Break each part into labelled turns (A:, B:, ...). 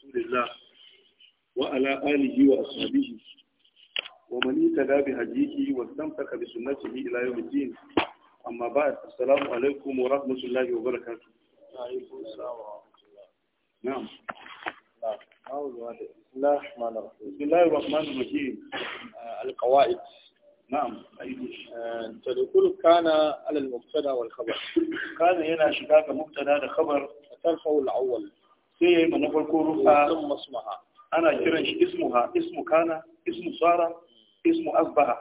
A: رسول الله وعلى آله وأصحابه ومن اهتدى بهديه واستمسك بسنته إلى يوم الدين أما بعد السلام عليكم ورحمة الله وبركاته وعليكم السلام ورحمة الله نعم, نعم. بسم الله الرحمن الرحيم آه، القواعد نعم آه، تقول كان على المبتدا والخبر كان هنا شكاك مبتدا ده خبر ترفع الاول sai ya yi farko rufa ana kiran shi ismuha ismu kana ismu tsara ismu asbaha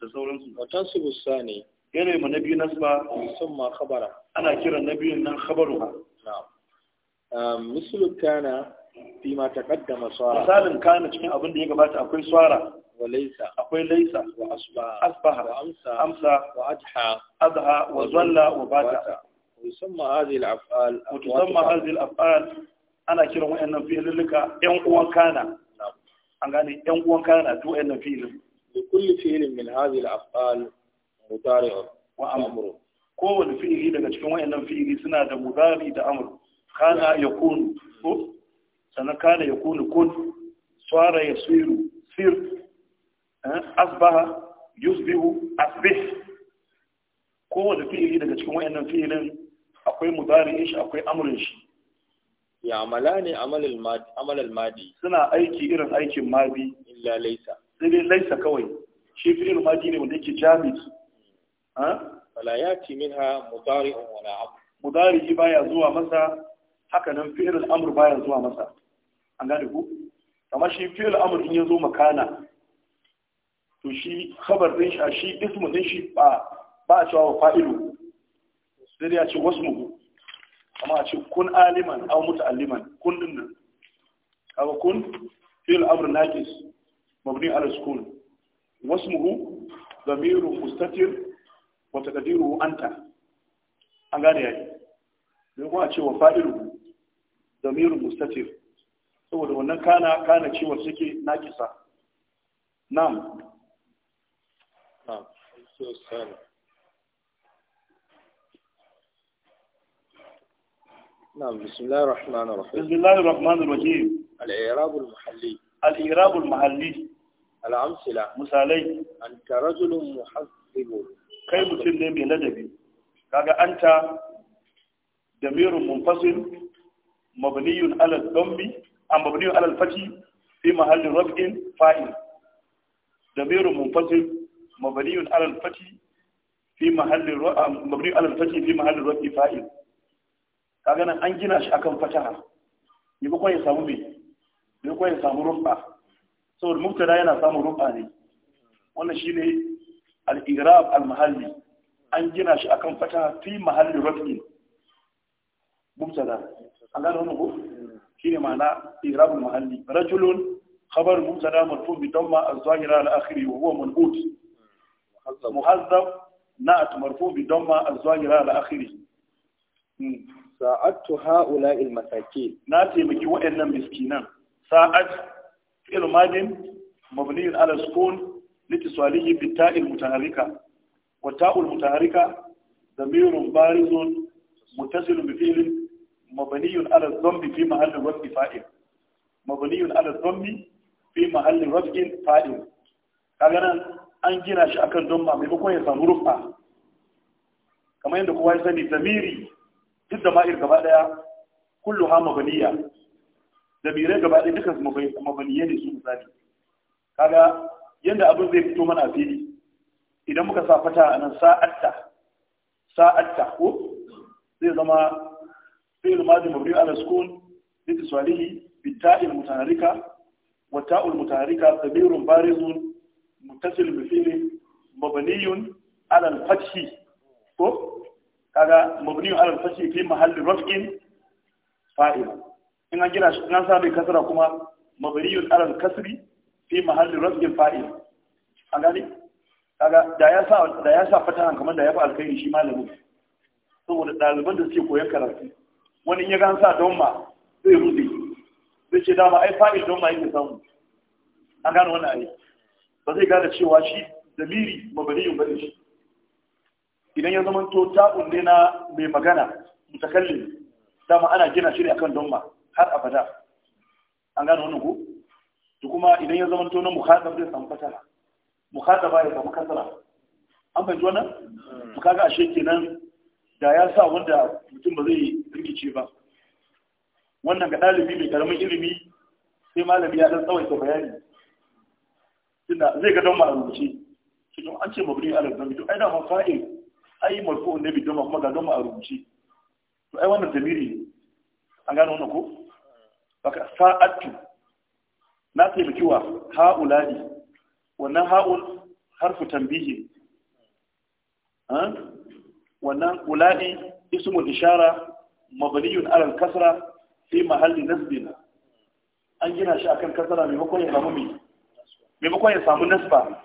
A: da sauransu watan su busa ne yanayi ma na biyu nasba sun ma khabara ana kiran na biyun nan khabaruha misalu kana fi ma taqaddama tsara misalin kana cikin abin da ya gabata akwai tsara wa laisa akwai laisa wa asbaha wa amsa amsa wa adha adha wa zalla wa bata ويسمى هذه الأفعال وتسمى ana kiran wayannan fi'ilulluka yan uwan kana an gane yan uwan kana duk wayannan fi'ilin li kulli fi'lin min hadhihi al-af'al mudari'u wa amru kowane fi'ili daga cikin wayannan fi'ili suna da mudari da amru kana yakunu ko sannan kana yakunu kun swara yasiru sir eh, asbaha yusbihu asbih kowane fi'ili daga cikin wayannan fi'ilin akwai mudari'in shi akwai amurin shi ya amala ne amalal madi suna aiki irin aikin madi illa laisa sai laisa kawai shi irin madi ne wanda yake jami'i ha fala yati minha mudari'un wala amr mudari'i baya zuwa masa haka nan irin al'amr baya zuwa masa an gane ku Kama shi irin amr in zo makana to shi khabar din shi shi ismu din shi ba ba a cewa fa'ilu sai ya a ce wasmuhu amma a ce kun aliman aw muta'alliman kun din nan kaga kun fil amr naqis mabni ala sukun wasmuhu dhamiru mustatir wa taqdiru anta an gane yayi dan kuma a ce wa fa'ilu dhamiru mustatir saboda wannan kana kana cewa suke naqisa nam na'am so sana نعم بسم الله الرحمن الرحيم بسم الله الرحمن الرحيم الإعراب المحلي الإعراب المحلي الأمثلة مثالي أنت رجل محذب كيف تلم ندبي كذا أنت ضمير منفصل مبني على الضمب أم مبني على الفتي في محل رفع فاعل ضمير منفصل مبني على الفتي في محل مبني على الفتي في محل رفع فاعل kaga nan an gina shi akan fataha Ni ba ya samu me ni ko ya samu rufa saboda mubtada yana samun rufa ne wannan shine al-i'rab al-mahalli an gina shi akan fataha fi mahalli rafi mubtada an gano wannan ko shine ma'ana i'rab al-mahalli rajulun خبر zahira al-akhir wa huwa manqut muhazzab na'at marfu' bi damma بضمه zahira al-akhir hmm. sa'attu haula masakin na taimaki waɗannan miskinan sa'at fi'il madin mabniyin ala sukun litisalihi bi ta'il Mutaharika. wa ta'ul mutaharrika damirun barizun mutasilun bi fi'lin mabniyun ala dhammi fi mahalli rafi fa'il mabniyun ala dhammi fi mahalli rafi fa'il kaga nan an gina shi akan dhamma maimakon ya samu rufa kamar yadda kowa ya sani zamiri duk da ma'ir gaba daya kullu ha mabaniya da mire gaba daya dukkan mabaniya ne su misali kaga yanda abin zai fito mana fili idan muka sa fata a nan sa'atta sa'atta ko zai zama fi'il madi mabri ala sukun bi tisalihi bi ta'il mutaharika wa ta'ul mutaharika sabirun barizun muttasil bi fi'il mabaniyun ala al-fathi ko kaga mabniyun alal fathi fi mahalli raf'in fa'il in an gina shi nan sa mai kasra kuma mabniyun alal kasri fi mahalli raf'in fa'il an gane kaga da ya sa da ya sa nan kamar da ya fi alkhairi shi malamin saboda ɗaliban da suke koyon karatu wani in ya gan sa don ma zai rude zai ce dama ai fa'il don ma yake samu an gano wannan ayi ba zai gane cewa shi damiri mabaniyun bane shi idan ya zama to ta ne na mai magana mutakallim dama ana gina shi ne akan donma har abada an gano wannan ko to kuma idan ya zama to na mukhatab zai samu fasara mukhataba ya samu kasara an fahimci wannan to kaga ashe kenan da ya sa wanda mutum ba zai rikice ba wannan ga ɗalibi mai karamin ilimi sai malami ya dan ta bayani tunda zai ga don ma rubuce shi an ce mabni ala to ai da ma ai marfu'un ne bidon kuma ga gama a rubuce to ai wannan tamiri ne an gano wannan ko baka sa'atu na taimaki wa ha'ulani wannan ha'ul harfu tambihi wannan ulani ismul ishara mabniyun ala al-kasra fi mahalli nasbin an gina shi akan kasara maimakon ya samu mai maimakon ya samu nasba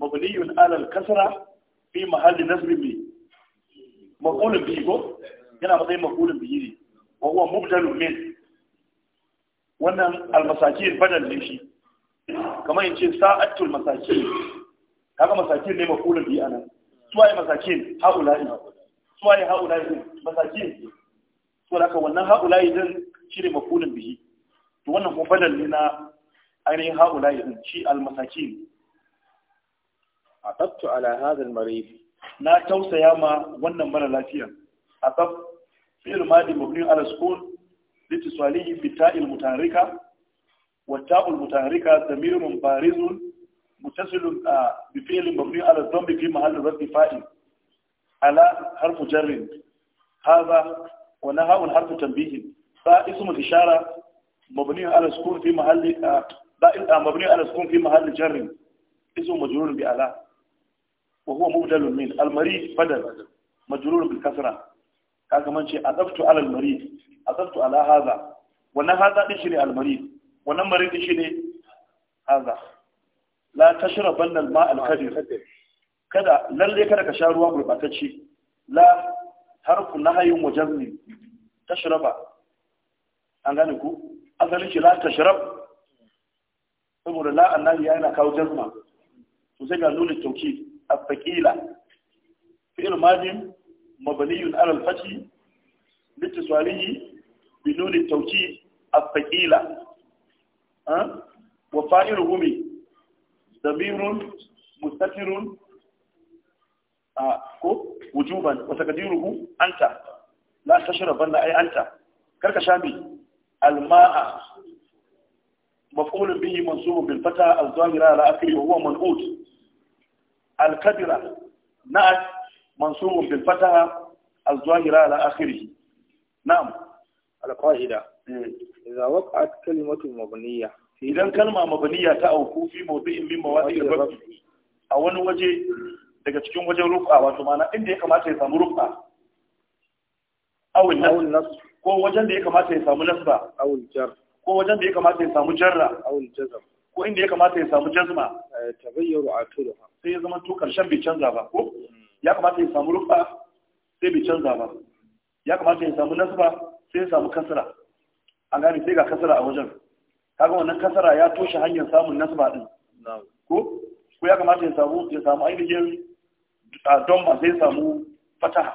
A: mabniyun ala al-kasra fi mahalli nasbin bi maqulun bi ko yana matsayin maqulun bi ne wa huwa mubdalun min wannan almasakin badal ne shi kamar in ce sa'atul masakin kaga masakin ne maqulun bi anan suwaye masakin haula'i suwaye haula'i masakin to haka wannan haula'i din shi ne maqulun bihi to wannan ko badal ne na ainihin haula'i din shi almasakin atabtu ala hadha marid na tausaya ma wannan mara lafiya atab fi'l madi mabni ala sukun litisalihi fi ta'il mutarika wa ta'ul mutarika damirun barizun متصل بفعل مبني على الضم في محل رفع فاعل على حرف harfu هذا ونهاء حرف تنبيه فا اسم الإشارة مبني على سكون في محل مبني على سكون في محل جر اسم bi ala. وهو مبدل من المريض بدل مجرور بالكسرة kaga man ce adaftu ala almarid adaftu ala hadha wannan hadha din shine almarid wannan marid din shine hadha la tashrabanna alma alkadir kada lalle kada ka sha ruwa gurbatacce la harfu nahyin wa jazmin tashraba an gane ku asalin shi la saboda la yana kawo jazma to sai ga nuna tauki الثقيلة فعل ماضي مبني على الفتح لاتصاله بنون التوكيد الثقيلة أه؟ وفاعل همي ضمير مستتر أه؟ وجوبا وتقديره أنت لا تشربن أي أنت كرك شامي الماء مفعول به منصوب بالفتى الظاهرة على أكله وهو منقوط الكبرة نعت منصوب بالفتحة الظاهرة على آخره نعم القاعدة إذا وقعت كلمة مبنية إذا كلمة مبنية تأوكو في موضع من مواضع الرفع a wani waje daga cikin wajen rufa wato mana inda ya kamata ya samu rufa awul nas ko wajen da ya kamata ya samu nasba awul jar ko wajen da ya kamata ya samu jarra awul jazm ko inda ya kamata ya samu jazma eh, tabayyaru akiruha sai ya zama to karshen bai canza ba ko ya kamata ya samu rufa sai bai canza ba ya kamata ya samu nasba sai ya samu kasara. an gane sai ga kasara a wajen kaga wannan kasara ya toshe hanyar samun nasba din ko ko ya kamata ya samu ya samu ainihin don ma sai ya samu fataha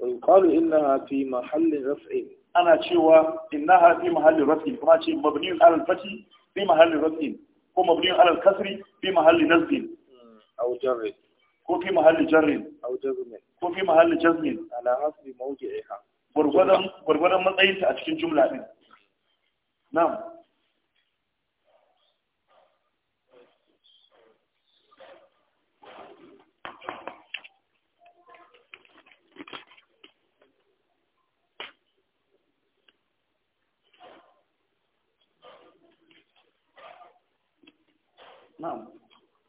A: wa yuqalu innaha fi mahallin raf'in ana cewa innaha fi mahallin raf'in kuma ce mabniun ala al-fathi fi mahalli rafin ko mabniyun alal kasri fi mahalli nasbin aw jarri ko fi mahalli jarri ko fi mahalli jazmin ala matsayinta a cikin jumla din na'am na'am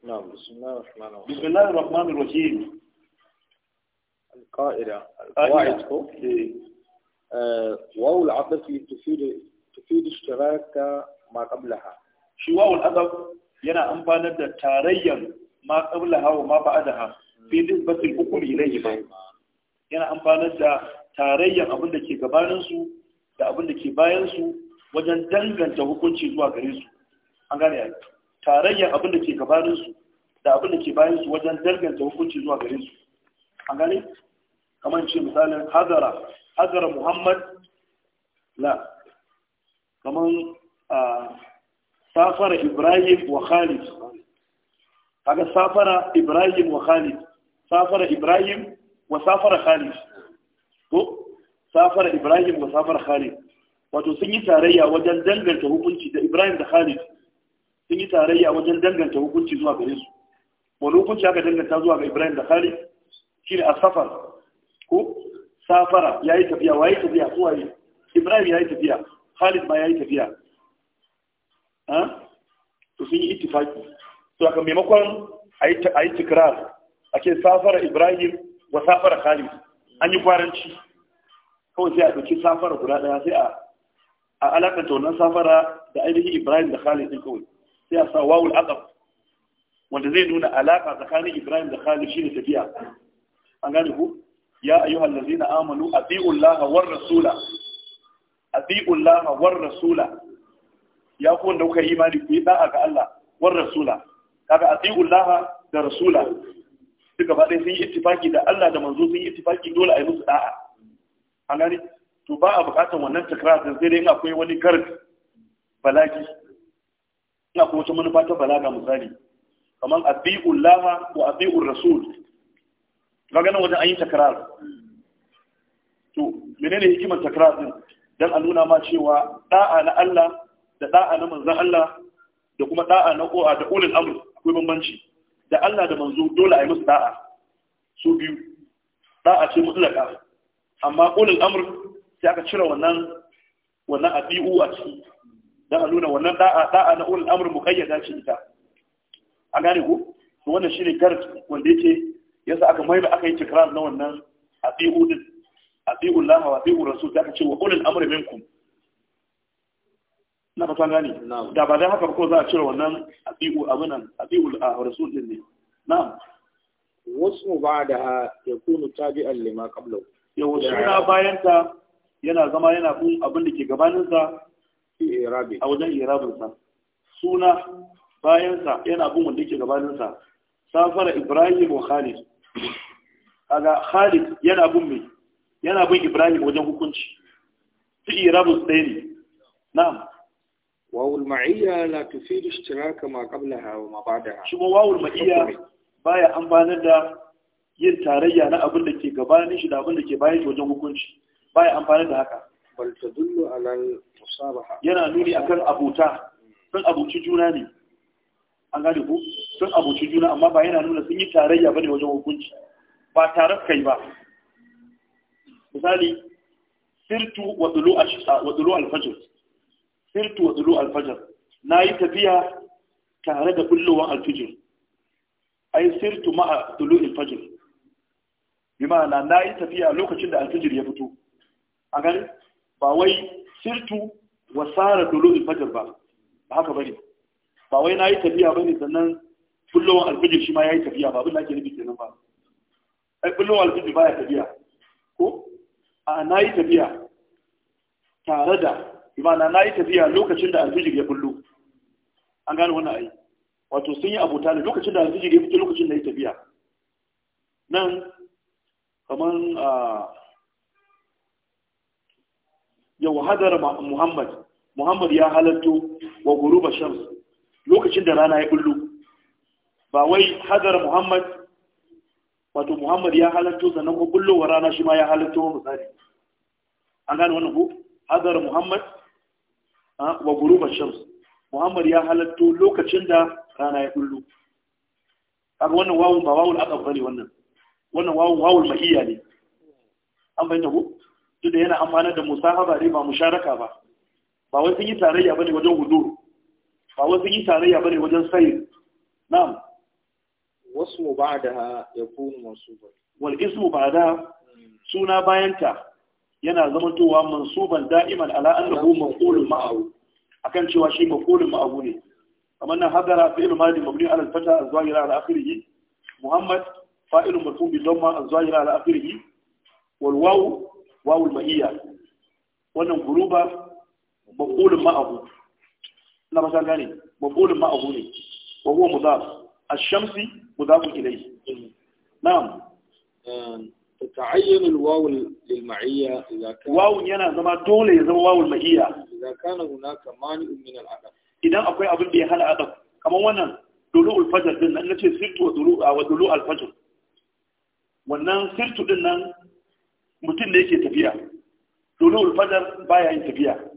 A: na'am bismillahir rahmanir rahim bismillahir rahmanir rahim القاعدة القواعد واو العطف تفيد تفيد اشتراك ما قبلها شي واو العطف yana amfanar da tarayyar ma qablaha wa ma ba'daha hmm. fi nisbatil hukm ilayhi ba yana amfanar da tarayyar abin da ke gabanin su da abin da ke bayan su wajen danganta hukunci zuwa gare su an gane yi. tarayyar abin da ke gabaninsu da abin da ke bayansu wajen danganta hukunci zuwa gare su an gane kamar ce misalin hazara hazara muhammad la kamar safara ibrahim wa khalid kaga safara ibrahim wa khalid safara ibrahim wa safara khalid to safara ibrahim wa safara khalid wato sun yi tarayya wajen danganta hukunci da ibrahim da khalid sun yi tarayya wajen danganta hukunci zuwa gare su wani hukunci aka danganta zuwa ga ibrahim da khalid a safar ko safara ya yi tafiya wa yi tafiya ko yi ibrahim ya yi tafiya khalid ma ya yi tafiya to sun yi itifaki to aka maimakon a yi tikirar a ce safara ibrahim wa safara khalid an yi kwaranci kawai sai a ɗauki safara guda ɗaya sai a alakanta wannan safara da ainihin ibrahim da khalid ɗin kawai sai a sa wawul azab wanda zai nuna alaka tsakanin Ibrahim da Khalid shine tafiya an gane ku ya ayyuhal ladina amanu atiiu Allah war rasula atiiu Allah war rasula ya ku wanda kuka imani ku yi da'a ga Allah war rasula kaga atiiu Allah da rasula duka ba dai sun yi ittifaki da Allah da manzo sun yi ittifaki dole a yi musu da'a an gane to ba a bukatar wannan takrar sai dai in akwai wani karfi balaki ina kuma wata manufa ta balaga misali kamar abi'ul laha wa abi'ul rasul kaga nan wajen an yi takrar to menene hikimar takrar din dan a nuna ma cewa da'a na Allah da da'a na manzon Allah da kuma da'a na ko'a da ulul amr akwai bambanci da Allah da manzo dole a yi musu da'a su biyu da'a ce mutlaka amma ulul amr sai aka cire wannan wannan abi'u a ciki dan a nuna wannan da'a da'a na ulul amr muqayyada ce ita a gane ku to wannan shine karat wanda yake yasa aka mai aka yi tikrar na wannan abi'u din lama, Allah wa abi'u rasul da aka ce wa ulul amr minkum na fata gane da ba dai haka ko za a cire wannan abi'u abunan abi'u rasul din ne na'am wasu ba da ya kunu tabi'an lima qablahu yau suna bayanta yana zama yana kun abin da ke gabaninsa a wajen irabinsa suna bayansa yana bin wanda yake gabaninsa safara ibrahim wa khalid kaga khalid yana bin mai yana bin ibrahim wajen hukunci fi irabin tsaye ne na'am wawul ma'iyya la tufid ishtiraka ma qablaha wa ma bada shi ma wawul ma'iyya baya amfanar da yin tarayya na abin da ke gabanin shi da abin da ke bayan shi wajen hukunci baya amfanar da haka musabaha yana nuni akan abuta sun abuci juna ne an gane ku sun abuci juna amma ba yana nuna sun yi tarayya bane wajen hukunci ba tare kai ba misali sirtu wa dulu ashsa wa dulu alfajr sirtu wa dulu alfajr nayi tafiya tare da bullowan alfajr ai sirtu ma'a dulu alfajr bi ma'ana nayi tafiya lokacin da alfajr ya fito a gani. ba wai sirtu wa sara dulu alfajr ba ba haka bane ba wai na yi tafiya bane sannan bullowar alfijir shi ma ya yi tafiya ba abinda ake nufi kenan ba ai alfijir ba ya tafiya ko a na yi tafiya tare da imana yi tafiya lokacin da alfijir ya kullu an gane wannan ai wato sun yi abota ne lokacin da alfijir ya fito lokacin da ya tafiya nan kamar ah, yau hadara muhammad muhammad ya halatto wa guruba shams lokacin da rana ya bullo ba wai hadara muhammad wato muhammad ya halatto sannan ko wa rana shi ma ya halatto wa misali an gane wannan ko hadara muhammad wa guruba shams muhammad ya halatto lokacin da rana ya bullo kaga wannan wawun ba wawul aqab bane wannan wannan wawun wawul mahiya ne an bayyana ko duk da yana amfana da musahaba ne ba musharaka ba ba wai sun yi tarayya bane wajen hudu ba wai sun yi tarayya bane wajen sayi na'am wasu mu ba'daha yakunu mansuban wal ismu ba'da suna bayanta yana zamantowa mansuban da'iman ala annahu maqulun ma'ahu akan cewa shi maqulun ma'ahu ne kamar nan hadara fi'il madi mabni ala al-fata az-zahira ala akhirih muhammad fa'ilun marfu bi dhamma az-zahira ala akhirih wal wawu wawul ma'iyya wannan guruba maqulun ma'ahu na ba san gane maqulun ma'ahu ne wa huwa mudaf ash-shamsi mudafun ilayhi na'am تتعين الواو للمعية إذا كان واو ينا زما دولة يزما واو المعية إذا كان هناك مانع من العدد إذا أكوي أبن بي هل عدد كما وانا دلوء الفجر دلنا إن نتي سرت ودلوء ودلوء الفجر وانا سرت دلنا mutum ne yake tafiya domin ulfadar baya yin tafiya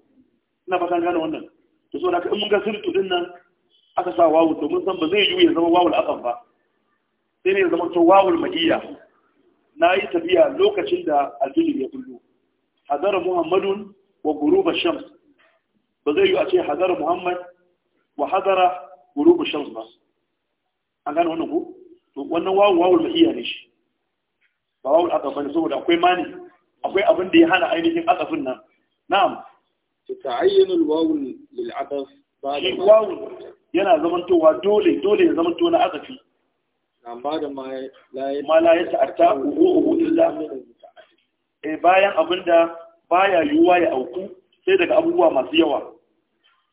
A: ina fata gane wannan da so da in mun ga sirtu din nan aka sa wawul domin san ba zai yi ya zama wawul akan ba sai ne ya zama to wawul magiya na yi tafiya lokacin da aljini ya kullu. hazara muhammadun wa guruba shams ba zai yi a ce hazara muhammad wa hazara guruba shams ba an gane wannan ku to wannan wawul wawul magiya ne shi ba wawul aka bane saboda akwai mani akwai abin da ya hana ainihin asafin nan na'am tata'ayyana alwawul lil adaf ba da wawul yana zamantowa dole dole ya zamanto na asafi amma da ma la ya ta'atta uhu illa eh bayan abinda baya yuwa ya auku sai daga abubuwa masu yawa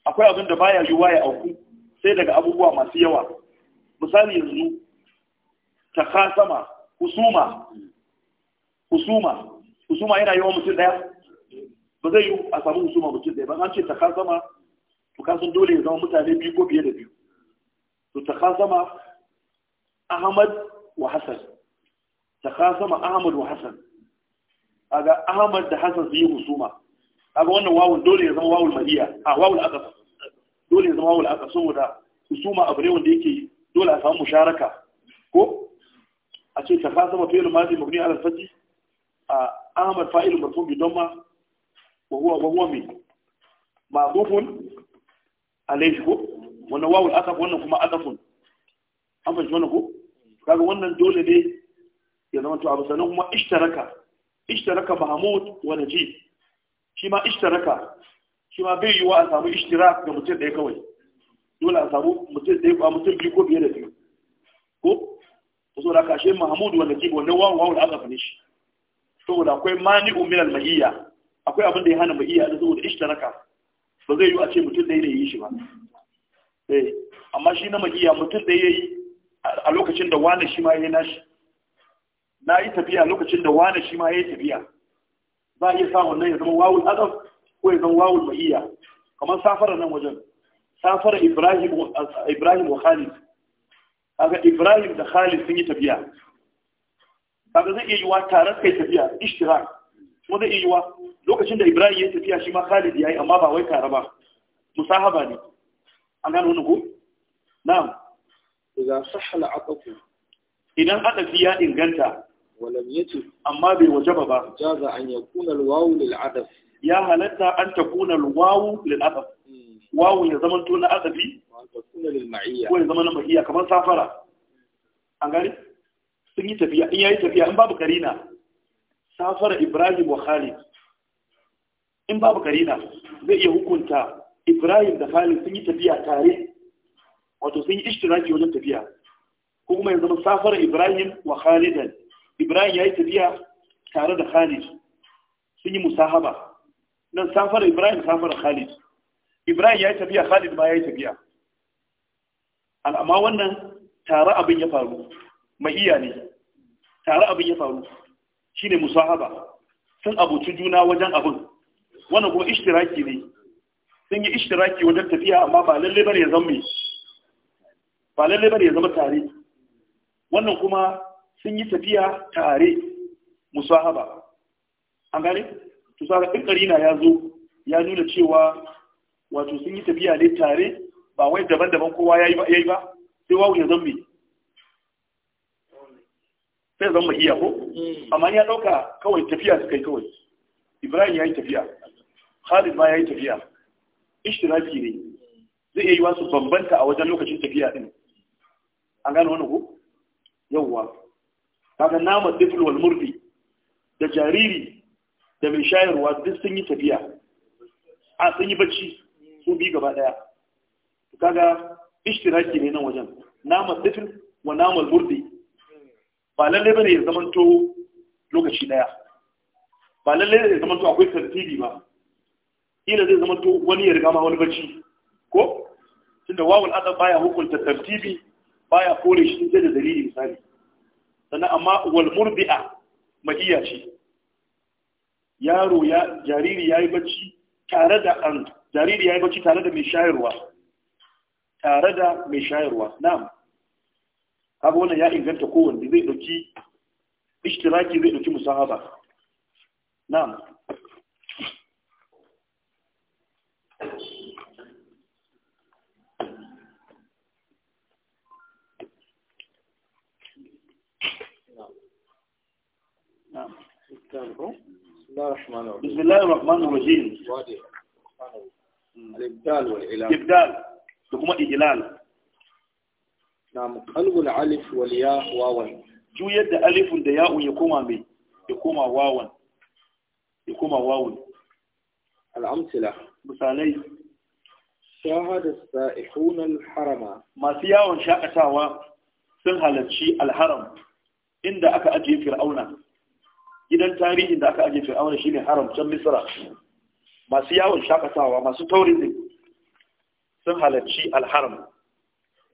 A: akwai abinda baya yuwa ya auku sai daga abubuwa masu yawa misali yanzu ta kasama husuma usuma usuma yana yawan mutum daya ba zai yi a samu husuma mutum daya ba an ce takazama to dole ya zama mutane biyu ko biye da biyu to zama ahmad wa takar zama ahmad wa aga ahmad da Hassan su yi husuma aga wannan wawul dole ya zama wawul mariya a wawul aka dole ya zama wawul aqas saboda usuma abu ne wanda yake dole a samu musharaka ko a ce takazama fi'il madi mabni ala al-fath ahmad fa'il marfu bi damma wa huwa wa huwa min ma'dufun alayhi ko wannan wawul akaf wannan kuma akafun an fahimci wannan ko kaga wannan dole ne ya zama to abu sannan kuma ishtaraka ishtaraka mahmud wa najib shi ma ishtaraka shi ma bai yiwa a samu ishtirak ga mutum ɗaya kawai dole a samu mutum ɗaya ba mutum biyu ko biyar da biyu ko to so da kashe mahmud wa najib wannan wawu wawu da aka shi saboda akwai mani min mahiya maiyya akwai abin da ya hana ma'iyya da saboda ishtaraka ba zai yi a ce mutum ɗaya ne yi shi ba eh amma shi na ma'iyya mutum ɗaya yayi a lokacin da wani shi ma yayi nashi na yi tafiya lokacin da wani shi ma yayi tafiya za a iya sa wannan ya zama wawul adaf ko ya zama wawul ma'iyya kamar safara nan wajen safara Ibrahim Ibrahim wa Khalid kaga Ibrahim da Khalid sun yi tafiya kaga zai iya yiwa tare kai tafiya ishtirak kuma zai iya yiwa lokacin da ibrahim ya tafiya shi ma khalid ya yi amma ba wai tare ba musahaba ne an gano wani ko na'am idza sahhala aqfu idan adafi ya inganta walam yatu amma bai wajaba ba jaza an yakuna alwawu lil adaf ya halatta an takuna alwawu wawu adaf hmm. wawu ya zama to na adafi ko ya zama na ma'iya kamar safara an gani sun yi tafiya in yayi tafiya in babu karina safara ibrahim wa khalid in babu karina zai iya hukunta ibrahim da khalid sun yi tafiya tare wato sun yi ishtiraki wajen tafiya ko kuma ya zama safara ibrahim wa Khalid? ibrahim yayi tafiya tare da khalid sun yi musahaba nan safara ibrahim safara khalid ibrahim yayi tafiya khalid ma yayi tafiya al'amma wannan tare abin ya faru mai iya ne tare abin ya faru shine musahaba sun abuci juna wajen abin wannan kuma ishtiraki ne sun yi ishtiraki wajen tafiya amma ba lalle bane ya zama ba lalle bane ya zama tare wannan kuma sun yi tafiya tare musahaba an gane to sara in karina ya zo ya nuna cewa wato sun yi tafiya ne tare ba wai daban-daban kowa ya yi ba sai wawu ya ne. sai zama iya ko mm. amma ya dauka kawai tafiya su kai kawai ibrahim ya yi tafiya khalid ma ya yi tafiya ishtiraki ne zai iya yi wasu bambanta a wajen lokacin tafiya din an gano wani ko yawwa kaga nama tifl wal murdi da jariri da mai shayarwa duk sun yi tafiya a sun yi bacci su bi gaba daya kaga ishtiraki ne nan wajen nama tifl wa nama murdi ba lalle bane ya zamanto lokaci daya ba lalle ne ya zamanto akwai tartibi ba ila zai zamanto wani ya riga ma wani bacci ko tunda wawul adab baya hukunta tartibi baya kore shi sai da dalili misali sannan amma wal murbi'a mahiya ce yaro ya jariri yayi bacci tare da an jariri yayi bacci tare da mai shayarwa tare da mai shayarwa na'am kaga wannan ya inganta kowanne zai dauki ishtiraki zai dauki musahaba na'am نعم بسم الله الرحمن الرحيم الابدال والعلال الابدال وكما اجلال nam qalbul alif wal ya wawan juyar da alifun da ya'un ya koma mai ya koma wawan ya koma wawan al'amtila misalai shahada sa'ihun al-harama masu yawon shakatawa sun halarci al-haram inda aka ajiye fir'auna gidan tarihin da aka ajiye fir'auna shine haram can misra masu yawon shakatawa masu taurin sun halarci al-haram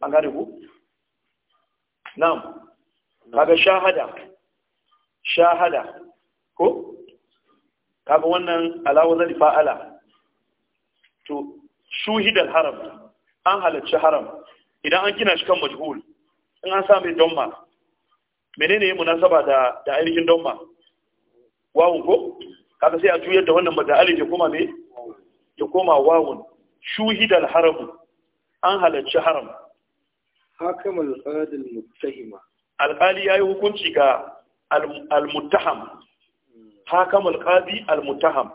A: an gane ku na'am هذا shahada shahada ko kaga wannan alawar وزن فاعل تو haram an halarci haram idan an gina shi kan ان ان سامي دوما menene ya munasaba da da ainihin donma wawun ko kaga sai a juyar da wannan da alif ya koma me ya koma wawun shuhidal haramu an halarci haram hakam al-qadi al-muttahima yayi hukunci ga al-muttaham hakam al-qadi al-muttaham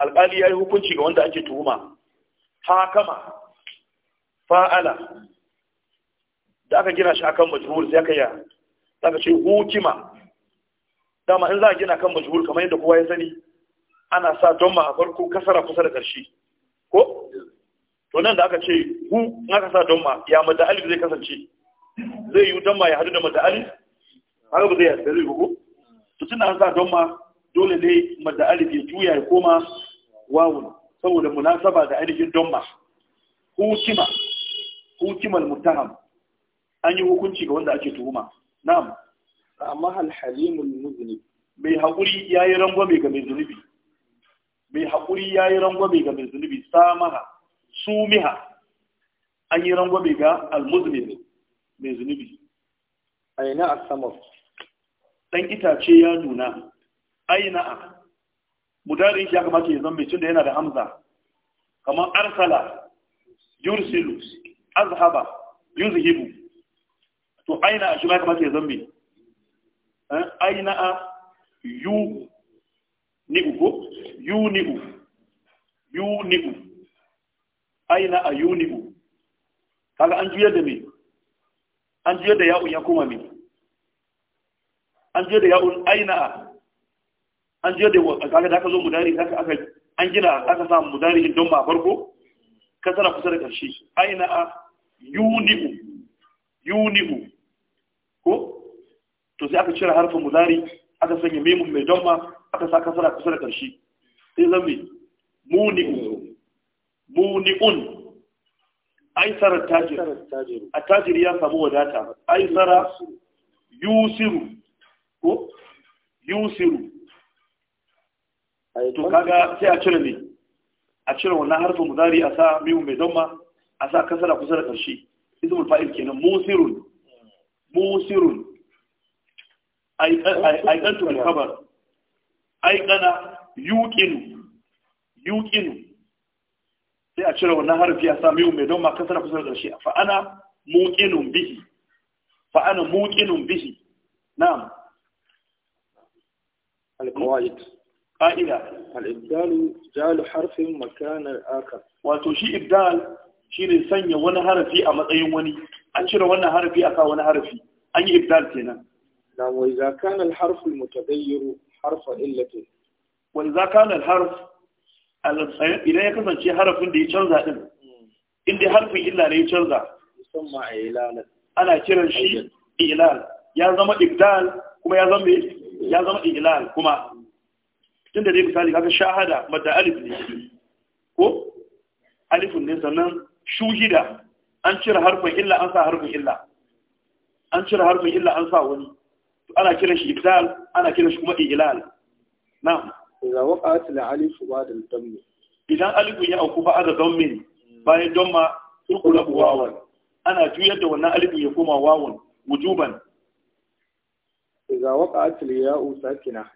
A: alqali yayi hukunci ga wanda ake tuhuma hakama fa'ala da aka gina shi akan majhul sai kai ya aka ce hukima dama in za a gina kan majhul kamar yadda kowa ya sani ana sa don ma a farko kasara kusa da ƙarshe ko to nan da aka ce hu in aka sa ma ya mata alif zai kasance zai yi ma ya hadu da mata alif haka ba zai yadda zai ku? to tun an sa ma dole ne mata alif ya juya ya koma wawu saboda munasaba da ainihin ku hukima hukimal mutaham an yi hukunci ga wanda ake tuhuma na'am amma hal halimul muzni mai haƙuri yayi rangwame ga mai zunubi mai haƙuri yayi rangwame ga mai zunubi samaha sumiha an yi rangwame ga almuzmin mai zunubi aina a samar ɗan itace ya nuna aina a mudarin shi ya kamata ya zama tun da yana da hamza kamar arsala yursilu azhaba yuzhibu to aina a shi ya kamata ya zama eh, aina a yu ni'u ko yu ni'u yu ni'u aina ayunibu kaga an juyar da me an juyar da ya'un ya koma me an juyar da ya'un aina an juyar da kaga da aka zo mudari aka aka an gina aka samu mudari don ma farko kasara kusa da karshe aina a yuni yunibu ko to sai aka cire harfin mudari aka sanya memun mai don ma aka sa kasara kusa da karshe sai zan me munibu muni'un aisara tajir a tajir ya samu wadata aisara yusiru ko yusiru to kaga sai a cire ne a cire wannan harfin mudari a sa miyu mai zama a sa kasara kusa da ƙarshe ismul fa'il kenan musirun musirun kabar. Ai aikana yuqinu yuqinu sai a cire wannan harfi a sami mai don ma kasara kusa da shi fa ana muqinun bihi fa ana muqinun bihi na'am al-qawaid qa'ida al-ibdal jalu harfin makana al-akhar wato shi ibdal shine sanya wani harfi a matsayin wani a cire wannan harfi a sa wani harfi an yi ibdal kenan na wa idza kana al-harfu al mutaghayyiru harfa illati wa idza kana al-harfu Eh, idan ya kasance harafin da ya canza din inda harfin illa ne ya canza ana kiran shi ilal ya zama igdal kuma ya zama ya zama ilal kuma tunda dai misali kaga shahada madda alif ne ko alifun ne sannan shuhida an cire harfin illa an sa harfin illa an cire harfin illa an sa wani ana kiran shi ibdal ana kiran shi kuma ilal na'am إذا وقعت الألف بعد الضم ya auku ba a بعد الضم bayan don ma turkula wawan ana juyar da wannan alifin ya koma wawan wujuban idza waqa'at ya yau sakina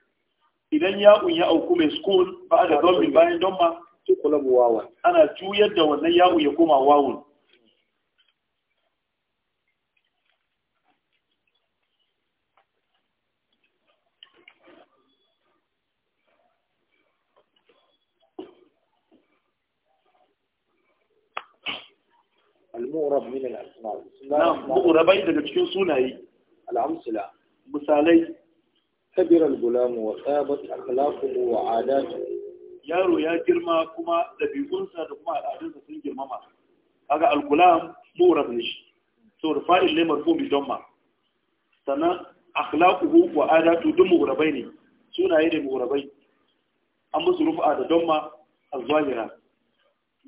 A: idan ya'un ya auku mai sukun ba da dhammi bayan don ma turkula wawan ana juyar da wannan ya'u ya koma wawan mu'rab min daga cikin sunaye misalai kabir al wa sabat akhlaquhu wa adatuhu yaro ya girma kuma dabi'unsa da kuma al'adunsa sun girmama kaga al-gulam mu'rab ne shi da rufa'il ne marfu bi ma. sannan akhlaquhu wa adatu dum mu'rabai ne sunaye da mu'rabai an musu rufa da damma al-zahira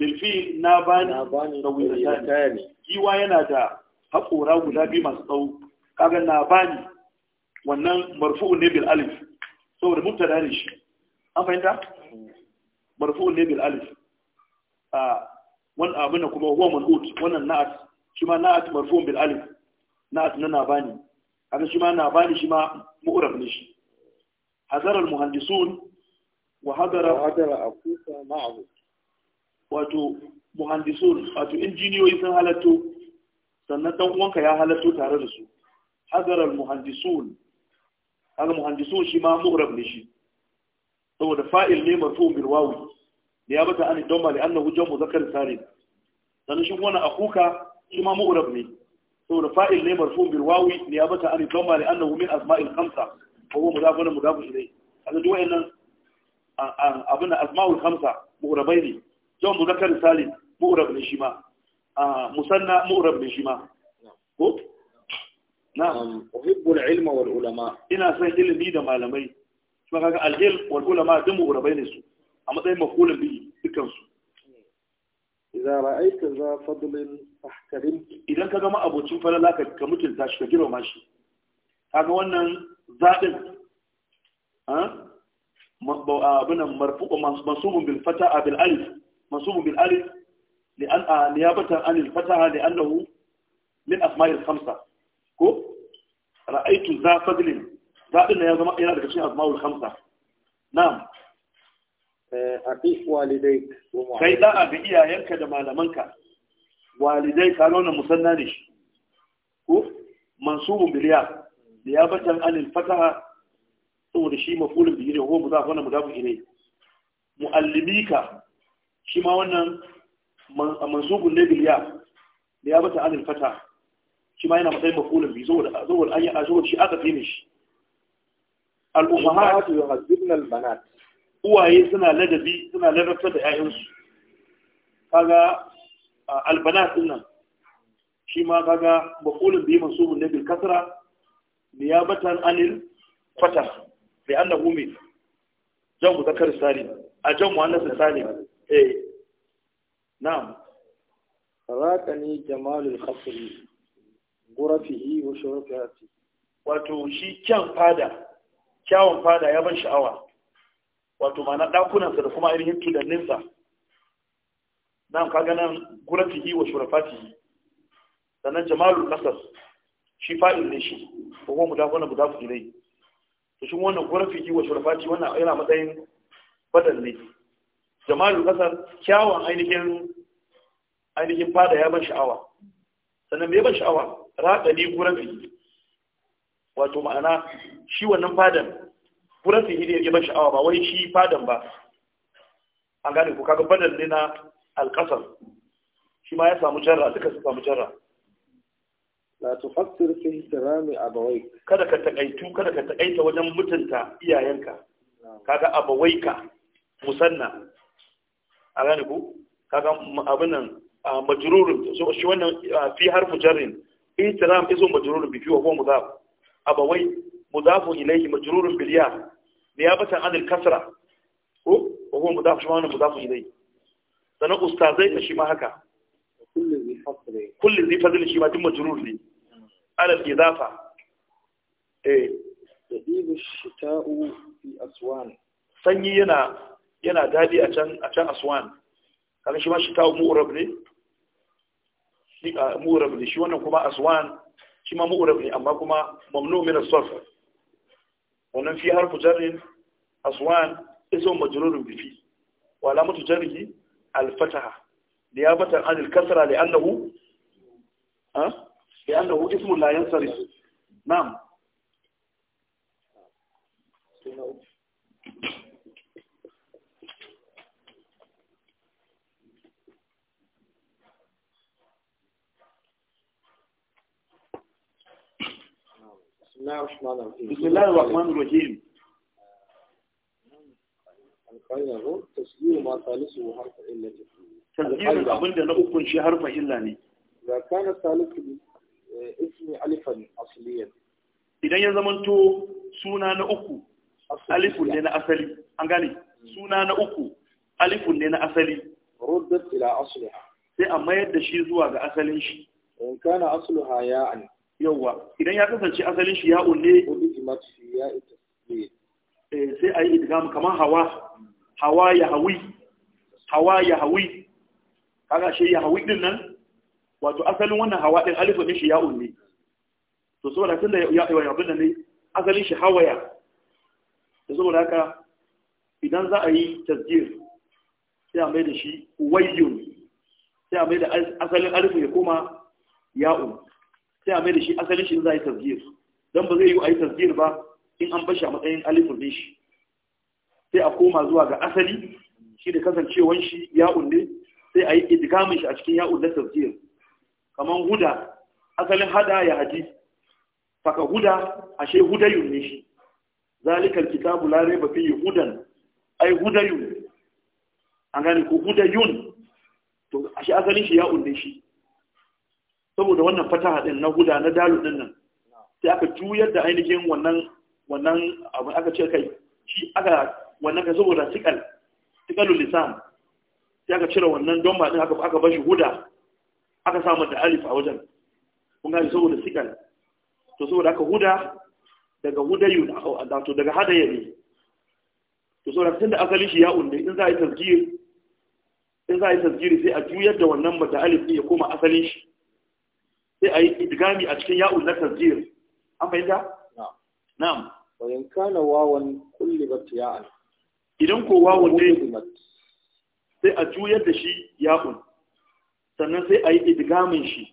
A: bilfil na bani da wuyatani giwa yana da haƙora guda biyu masu tsawo kaga na bani wannan marfu'un ne bil alif saboda mubtada ne shi an fahimta marfu'un ne bil alif a wani abu da kuma huwa man'ut wannan na'at shi ma na'at marfu'un bil alif na'at na na bani kaga shi ma na bani shi ma mu'rab ne shi hazara al muhandisun wa hadara hadara akusa ma'ahu wato muhandisun wato injiniyoyi sun halatto sannan dan uwanka ya halatto tare da su hadar al-muhandisun haka muhandisun shi ma mu'rab ne shi saboda fa'il ne marfu bil wawi da ya bata ani don mali annahu jamu zakar salim sannan shi wannan akuka shi ma mu'rab ne saboda fa'il ne marfu bil wawi da ya bata ani don mali annahu min asma'il khamsa ko mu mu da huwa mudafun mudafun ilayhi haka duk wayannan abin asma'ul khamsa mu'rabai ne yawan muzakkar salim mu'rab ne shi ma ah, musanna mu'rab ne shima. ko na'am um, uhibbul ilma wal ulama ina son ilimi da malamai kuma kaga al ilm wal ulama duk mu'rabai ne su a matsayin mafulin bi dukkan su idan ra'aita za fadlin fahtarim idan kaga ma abocin falala ka ka mutunta shi ka girma shi kaga wannan zaɗin ah, nan marfu'u masu bil fata a bil alif منصوب بالالف لان نيابه عن الفتحه لانه من اسماء الخمسه كو رايت ذا فضل ذا يا زما yana daga cikin asmaul khamsa na'am aqif walidayk kai da abi iyayenka da malamanka walidai ka nuna musanna ne shi ko mansubun biliya niyabatan anil fataha saboda shi mafulun bihi ne ko mudafun mudafun shi ma wannan mansubun ne biliya da ya bata anil fata shi ma yana matsayin mafulun bi saboda saboda an yi a saboda shi aka fi shi al'ummahat yuhazzibna albanat uwaye suna ladabi suna ladabta da ƴaƴansu kaga albanat din nan shi ma kaga mafulun bi mansubun ne bil kasra bata anil fata bi annahu min jan zakar salim a jan annas salim eh na'am raƙani jamalul khasri gurafihi wa shurafiyati wato shi kyan fada kyawun fada ya ban sha'awa wato ma na ɗakunansa da kuma ainihin tudanninsa nan ka ganin gurafihi wa shurafatihi sannan jamalul kasar shi fa'il ne shi ko kuma mudafu na mudafu ilai to shi wannan gurafihi wa shurafati wannan yana matsayin badal ne Jama'u kasar kyawun ainihin ainihin fada ya ban sha'awa sannan me ban sha'awa raƙani guran fihi wato ma'ana shi wannan fadan guran fihi ne ya ban sha'awa ba wai shi fadan ba an gane ko kaga fadan ne na alƙasar shi ma ya samu jarra duka su samu jarra la tufassir fi ihtirami abawai kada ka takaitu kada ka takaita wajen mutunta iyayenka kaga ka, musanna a gane ku kaga abin nan majrurun so shi wannan fi harfu jarrin itram izo majrurun bi fi wa mudaf abawai mudafu ilayhi majrurun bil ya niyabatan an al kasra ko wa huwa mudaf shi wannan mudafu ilayhi sanan ustazai shi ma haka kullu zai fadl shi ma din majrur ne ala al idafa eh yadibu shita'u fi aswan sanyi yana yana dadi a can a can aswan kan shi ma shi ta mu'urab ne shi ne shi wannan kuma aswan shi ma mu'urab ne amma kuma mamnu min as-sarf wannan fi harfu jarri aswan ism majrurun bi fi wa alamatu jarrihi al-fataha yabata an al-kasra li'annahu ha li'annahu ismun la yansarif na'am بسم الله الرحمن الرحيم ma salisu harfa illa na harfa illa ne salisu eh, alifan idan ya zamanto hmm. suna na uku alifun ne na asali an suna na uku alifun ne na asali ila sai a mayar da shi zuwa ga asalin shi in kana asluha ya'ani yauwa idan ya kasance asalin shi ya unne, eh, sai a yi idgam kamar hawa hawa ya hawi hawa ya hawi kaga shi ya hawi din nan wato asalin wannan hawa din alifu din shi ya unne. to saboda tunda ya yi abin ne asalin shi hawaya da saboda haka idan za a yi tasgir sai a mai da shi wayyun sai a mai da asalin alifu ya koma ya'un sai a mai da shi asalin shi za a yi tasgir don ba zai yi a yi tasgir ba in an bashi a matsayin alifin zai shi sai a koma zuwa ga asali shi da kasancewan shi ya unne sai a yi idgamin shi a cikin ya unne tasgir kamar huda asalin hada ya haji faka huda ashe hudayun ne shi Zalikar kitabu la raiba fihi hudan ai hudayun an gane ko hudayun to ashe asalin shi ya'un ne shi saboda wannan fataha haɗin na huda na dalu ɗin nan sai aka juyar da ainihin wannan wannan abu aka ce kai shi aka wannan ka saboda sikal sikalul lisan sai aka cire wannan don ba din aka aka bashi huda aka samu da alif a wajen kun ga saboda sikal to saboda aka huda daga hudayun aka to daga hadaya ne to saboda tunda asalin shi ya unde in za a yi tasgiri in za a yi tasgiri sai a juyar da wannan mata alif ya koma asalin shi sai a yi idgami a cikin ya'ul na tasjir an fahimta na'am wa in kana wawan bat ya'an idan ko wawan ne sai a juyar da shi ya'un sannan sai a yi idgamin shi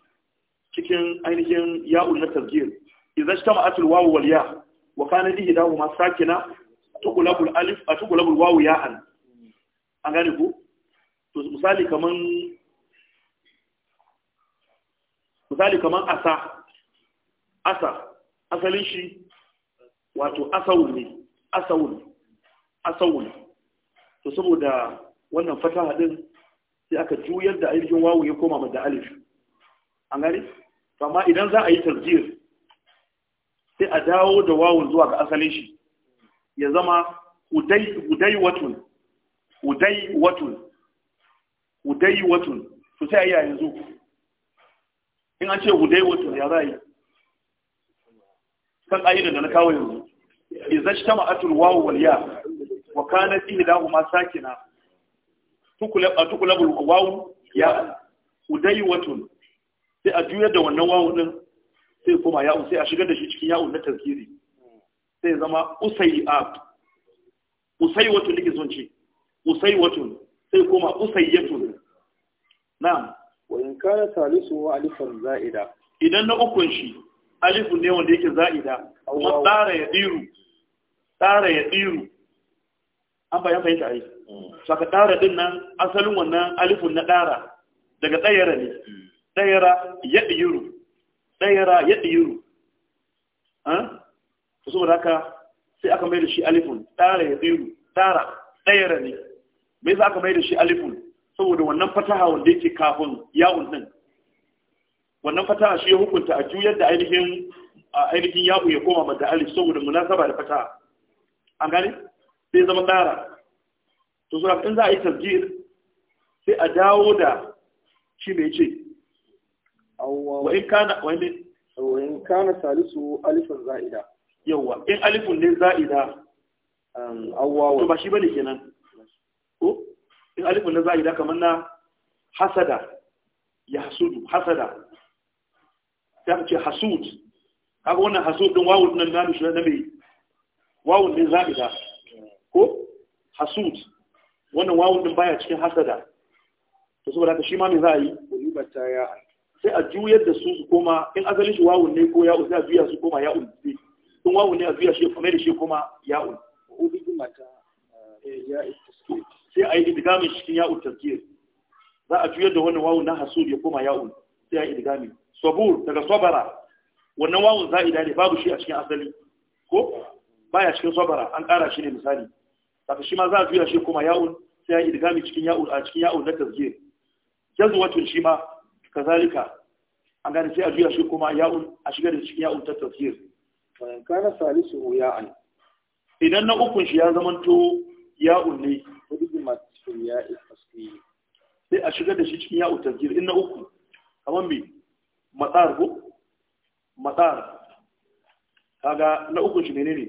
A: cikin ainihin ya'ul na tasjir idan ta ma'atul wawu wal ya wa kana bihi dahu ma sakina tuqlabul alif a wawu ya'an mm. an gane ku to misali kaman misali kamar asa asa asalin shi wato asawul ne asawul asawul to saboda wannan fataha din sai aka juyar da ainihin wawu ya koma da alif an gani amma idan za a yi tarjir sai a dawo da wawun zuwa ga asalin shi ya zama udai watun udai watun udai watun to sai a yi yanzu in an ce hudai wato ya za yi kan ayyukan da na kawo yanzu izajtama atul wawu wal ya wa kanat ihdahuma sakina tukula tukulabul wawu ya hudaiwatun sai a juyar da wannan wawu din sai kuma ya'u sai a shigar da shi cikin ya'u na tazkiri sai zama a Usai usayat usaywatun nake son Usai usaywatun sai kuma usayyatun na'am wa in kana salisu alifan za'ida idan na ukun shi alifun ne wanda yake za'ida kuma tsara ya diru tsara ya diru an bayan fahimta ai mm. saka tsara din nan asalin wannan alifun na tsara daga tsayara ne sai aka mai da shi alifun tsara ya diru tsara tsayara ne me yasa aka mai da shi alifun saboda wannan fataha wanda yake kafin ya'un din wannan fataha shi ya hukunta a juyar da ainihin ainihin ya koma mata alif saboda munasaba da fataha an gane sai zama tsara to sura in za a yi tasgir sai a dawo da shi mai ce wa in kana wa in kana salisu alifin za'ida yawa in alifin ne za'ida awwawa to ba shi bane kenan in alifin na za'ida kamar na hasada ya hasudu hasada ya ce hasud haka wannan hasud din wawun nan na shi na mai wawun din za'ida ko hasud wannan wawun din baya cikin hasada to saboda haka shi ma me za a yi sai a juyar da su su koma in asalin shi wawun ne ko ya'un sai a juya su koma ya'un in wawun ne a juya shi kuma da shi ya'un mata eh, ya istisqi sai a yi idgamin cikin ya'ul tazkir za a juyar da wannan wawun na hasud ya koma ya'ul sai a yi idgamin sabur daga sabara wannan wawun za'ida ne babu shi a cikin asali ko baya cikin sabara an ƙara shi ne misali saka shi ma za a juya shi koma ya'ul sai a yi idgamin cikin ya'ul a cikin ya'ul na tazkir jazwatun shi ma kazalika an gane sai a juya shi koma ya'ul a shiga da cikin ya'ul ta tafsir kana salisu ya'an idan na ukun shi ya zamanto ya'ul ne fil ya'i tasghir sai a shigar da shi cikin ya'u tasghir inna uku kamar me matsar ko matsar kaga na uku shi menene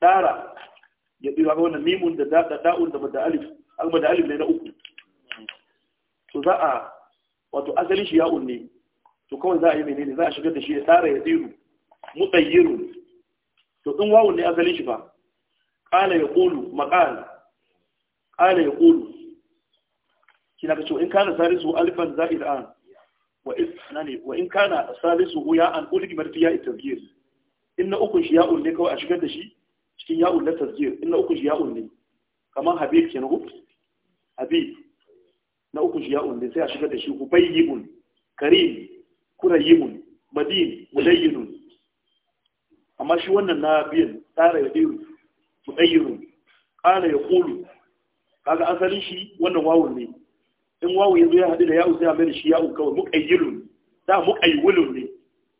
A: dara ya bi ga wannan mimun da da da'un da da alif alba da alif ne na uku to za a wato asalin shi ya'un ne to kawai za a yi menene za a shigar da shi ya tsara ya tsiru mutsayyirun to in wawun ne asalin shi ba qala yaqulu maqal ƙala ya ƙulu shi na kacewa in kana salisu alifan da an wa in kana salisu ya an ulgi marfi ya itabgir in na uku shi ya ulle kawai a shigar da shi cikin ya ulle tasgir in na ukun shi ya ulle kamar habib ke na habib na uku shi ya ulle sai a shigar da shi yi hubayyibun karim kurayyibun madin mudayyinun amma shi wannan na biyan tsara ya diru mudayyinun ƙala ya ƙulu kaga asalin shi wannan wawun ne in wawu yanzu ya haɗu da ya sai a mai da shi ya'u mu muƙayyilun da muƙayyilun ne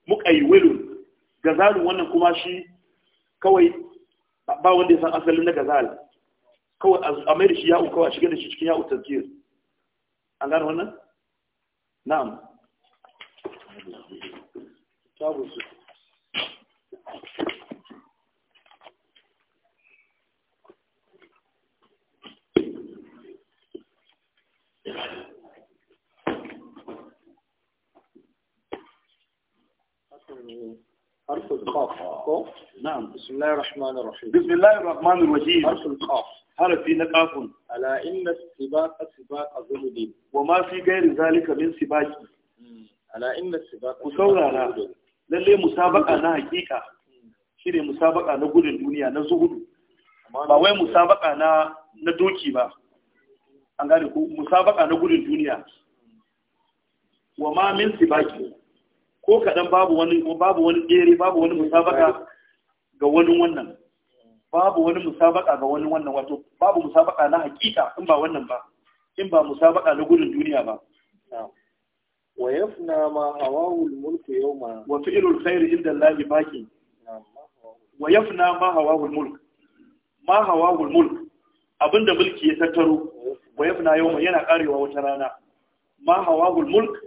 A: muƙayyilun gazalun wannan kuma shi kawai ba wanda ya san asalin na gazal kawai a mai shi ya kawai a shiga da shi cikin ya'u tazkir an gano wannan na'am tabu حرف القاف نعم بسم الله الرحمن الرحيم بسم الله الرحمن الرحيم حرف القاف حرف نقاف ألا إن السباق سباق زهد وما في غير ذلك من سباق ألا إن السباق وسورة للي مسابقة نا حقيقة shine musabaka na gudun duniya na zuhudu ba wai musabaka na na doki ba an gane ko musabaka na gudun duniya wa ma min sibaki ko kaɗan babu wani babu wani ɗere babu wani musabaka ga wani wannan babu wani musabaka ga wani wannan wato babu musabaka na hakika in ba wannan ba in ba musabaka na gudun duniya ba wa yafna ma hawawul mulku yawma wa fi'lu alkhair inda Allah baki wa yafna ma hawawul mulk ma hawawul mulk abinda mulki ya tattaro wa yafna yawma yana karewa wata rana ma hawawul mulk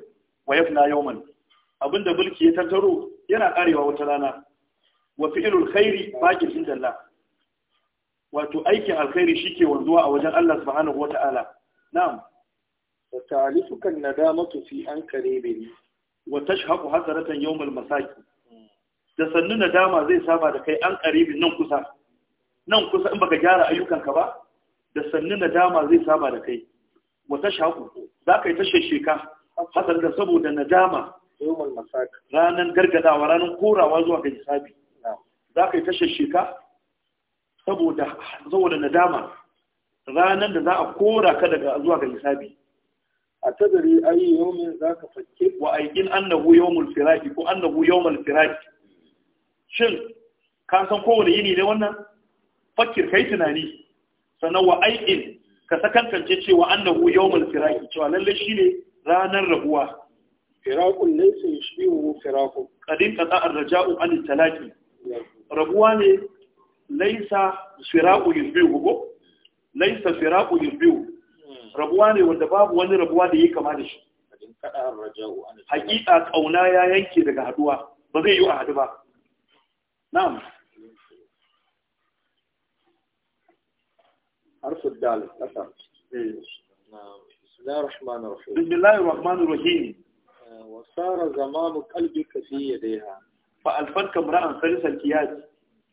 A: wa yafna yawman abinda mulki ya tattaro yana karewa wata rana wa fi'ilul khairi baqi inda Allah wato aikin alkhairi shike wanzuwa a wajen Allah subhanahu wata'ala na'am wa ta'alifuka nadamatu fi an karibin wa tashhaqu hasratan yawm al-masaki da sannu nadama zai saba da kai an karibin nan kusa nan kusa in baka gyara ayyukanka ba da sannu nadama zai saba da kai wa tashhaqu zaka yi tasheshe sheka. hasar da saboda nadama yawmal masak ranan gargadawa ranar korawa zuwa ga hisabi za ka yi tashar sheka saboda da nadama ranan da za a kora ka daga zuwa ga hisabi a tazari ayi yawmin za ka fake wa aikin annahu yawmul firaki ko annahu yawmal firaki shin ka san kowane yini ne wannan fakir kai tunani sannan wa aikin ka sakantance cewa annahu yawmul firaki cewa shi ne ranar rabuwa firakun laysa yushbihu firakun an talaqi rabuwa ne laysa firaku yushbihu ko laysa firaku yushbihu hmm. rabuwa ne wanda babu wani rabuwa da yake kama da shi hakika kauna ya yanke daga haduwa ba zai a ba حرف الدال بسم الله الرحمن الرحيم بسم الله الرحمن الرحيم وصار زمام قلبك في يديها فألفنك امرأة ثالث الكياج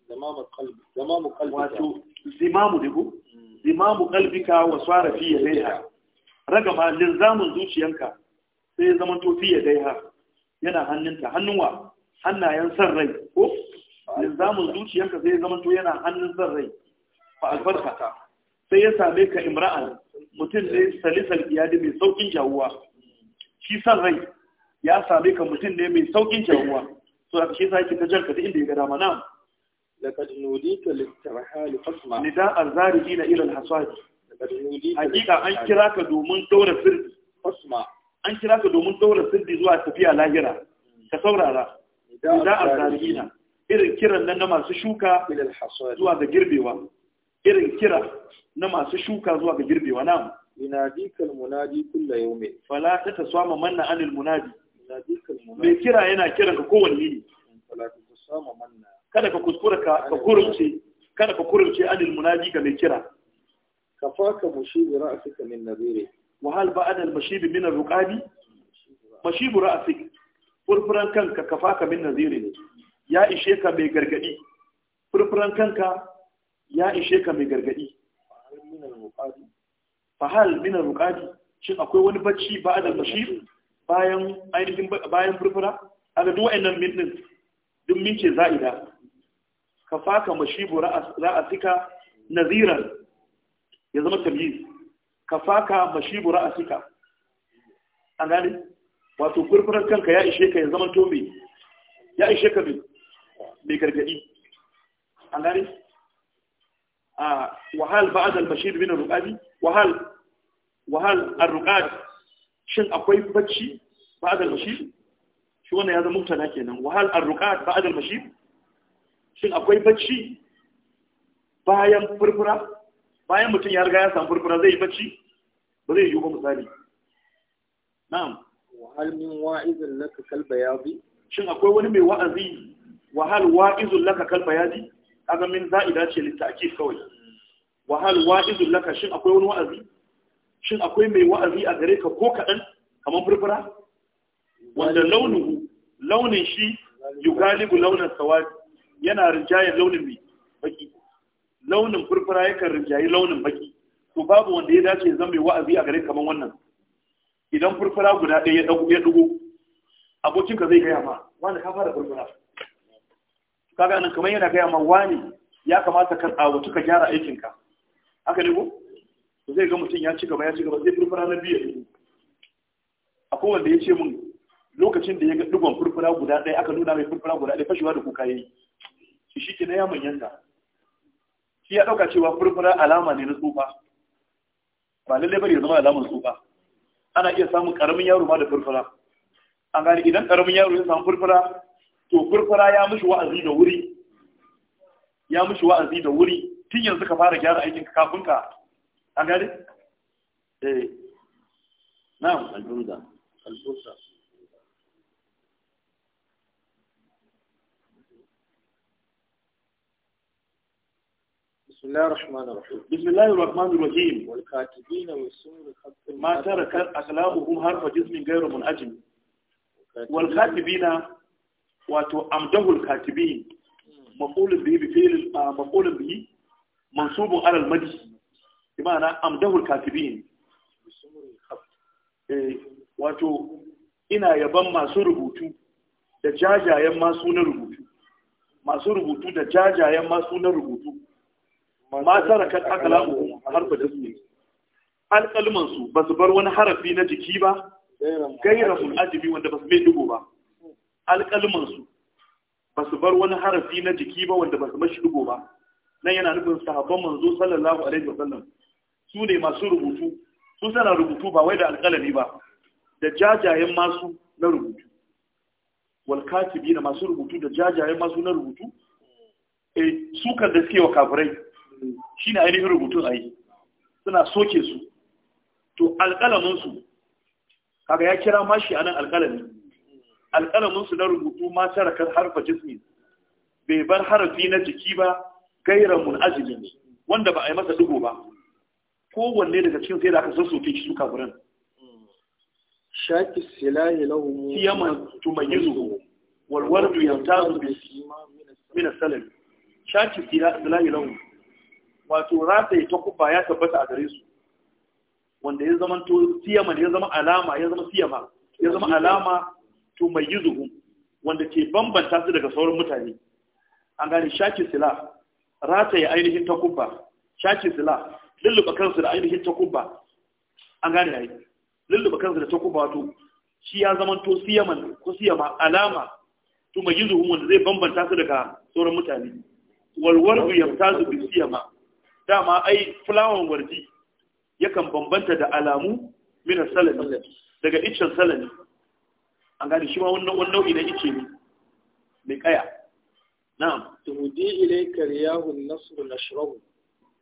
A: زمام قلب زمام قلبك واتو زمام ديكو زمام قلبك وصار في يديها رقم للزام zuciyanka sai ya zama tofi daiha yana hannunta hannuwa hannayen san rai ko ilzamin zuciyanka sai ya zama yana hannun san rai fa albarkata sai ya same ka imra'an mutum ne salisal iyadi mai saukin jawuwa shi san rai ya same ka mutum ne mai saukin jawuwa to a cikin sai ta jarka da inda ya ga dama na laqad nudika litarhal fasma nida arzarina ila alhasad hakika an kira ka domin daura sirri fasma an kira ka domin daura sirri zuwa tafiya lahira ka saurara nida arzarina irin kiran nan na masu shuka zuwa ga girbewa irin kira na masu shuka zuwa ga girbewa na yunadikal munadi kullu yawmin fala tataswama manna anil munadi mai kira yana kiran ka kowanne ne kada ka kuskura ka kurumce kada ka kurumce anil munaji ga mai kira kafaka mushibu ra'sika min nadiri wa hal ba'da al mashib min al ruqabi mashibu ra'sik furfuran kanka kafaka min nadiri ya ishe ka mai gargadi furfuran kanka ya ishe ka mai gargadi fa hal min ruqabi shin akwai wani bacci ba'da al mashib bayan ainihin bayan furfura aga duk wa'annan min din duk min ce za'ida ka faka mashibu ra'asika naziran ya zama tabi ka faka mashibu ra'asika an gane wato furfurar kanka ya ishe ka ya zama to ya ishe ka me mai gargadi an gane a ah, wahal ba'ad al-bashir min al-ruqadi wahal wahal ar-ruqadi shin akwai bacci ba'ad al-mashi shi wannan ya zama mutana kenan wa hal ar-ruqat ba'ad al-mashi shin akwai bacci bayan furfura bayan mutum ya riga ya samu furfura zai yi bacci ba zai yi ba misali na'am wa hal min wa'izin laka kal bayadi shin akwai wani mai wa'azi wa hal wa'izun laka kal bayadi kaga min za'ida ce litta'kid kawai wa hal wa'izun laka shin akwai wani wa'azi shin akwai mai wa'azi a gare ka ko kaɗan kamar furfura wanda launuhu launin shi yugalibu launin sawadi yana rinjayen launin mai baki launin furfura yakan rinjayi launin baki to babu wanda ya dace zan mai wa'azi a gare kamar wannan idan furfura guda ɗaya ya ɗago ya abokin ka zai gaya ma wani ka fara furfura kaga nan kamar yana gaya ma wani ya kamata ka tsawo tuka gyara aikinka haka ne ko to zai ga mutum ya ci gaba ya ci gaba zai furfura na biyu ya a akwai wanda ya ce min lokacin da ya ga digon furfura guda ɗaya aka nuna mai furfura guda ɗaya fashewa da kuka yi shi shi ke na ya manyanta shi ya ɗauka cewa furfura alama ne na tsufa ba lallai bari ya zama alamar tsufa ana iya samun ƙaramin yaro ma da furfura an gani idan ƙaramin yaro ya samu furfura to furfura ya mishi wa'azi da wuri ya mishi wa'azi da wuri tun yanzu ka fara gyara aikin ka kafin ka agari eh na'am al-burda al بسم الله الرحمن الرحيم بسم الله الرحمن والكاتبين والسمر ما ترك أخلاقهم حرف جسم غير منعجم والكاتبين واتو أمده الكاتبين مقول به بفعل مقول به منصوب على المدي bi amdahul katibin eh, wato ina yaban masu rubutu da jajayen masu na rubutu masu rubutu da jajayen masu na rubutu ma uku akalamu harfa da su alƙalmansu ba su bar wani harafi na jiki ba gaira ajibi wanda ba su mai dubo ba alƙalmansu ba su bar wani harafi na jiki ba wanda ba su mashi dubo ba nan yana nufin sahabban manzo sallallahu alaihi wasallam su ne masu rubutu su sana rubutu ba wai da alƙalami ba da jajayen masu na rubutu walkatibi na masu rubutu da jajayen masu na rubutu e eh, sukan da suke wa kafirai shi ne ainihin rubutun a yi suna soke su to alƙalaminsu kaga ya kira mashi anan alƙalami alƙalaminsu na rubutu ma tarakar harfa jismi bai bar harafi na jiki ba gairan mun azumin. wanda ba a yi masa dugo ba kowanne daga cikin sai da aka sassoke shi su kafiran shaki silahi lahum yaman tumayizu wal wardu yantazu bi min as-salam shaki silahi wato rata ta kuba ya tabbata a gare su wanda ya zama to siyama ya zama alama ya zama siyama ya zama alama tumayizuhum wanda ke bambanta su daga sauran mutane an gane shaki sila rata ya ainihin ta kuba shaki sila lulluɓa kansu da ainihin takubba an gane yayi lulluɓa kansu da takubba wato shi ya zama to siyaman ko siyama alama to mai yuzu wanda zai bambanta su daga sauran mutane walwar bu ya ta su siyama dama ai fulawan warji yakan bambanta da alamu minar salami daga iccen salami an gane shi ma wannan wani nau'i na ice ne mai kaya na'am tuhudi ilaika riyahun nasr nashrahu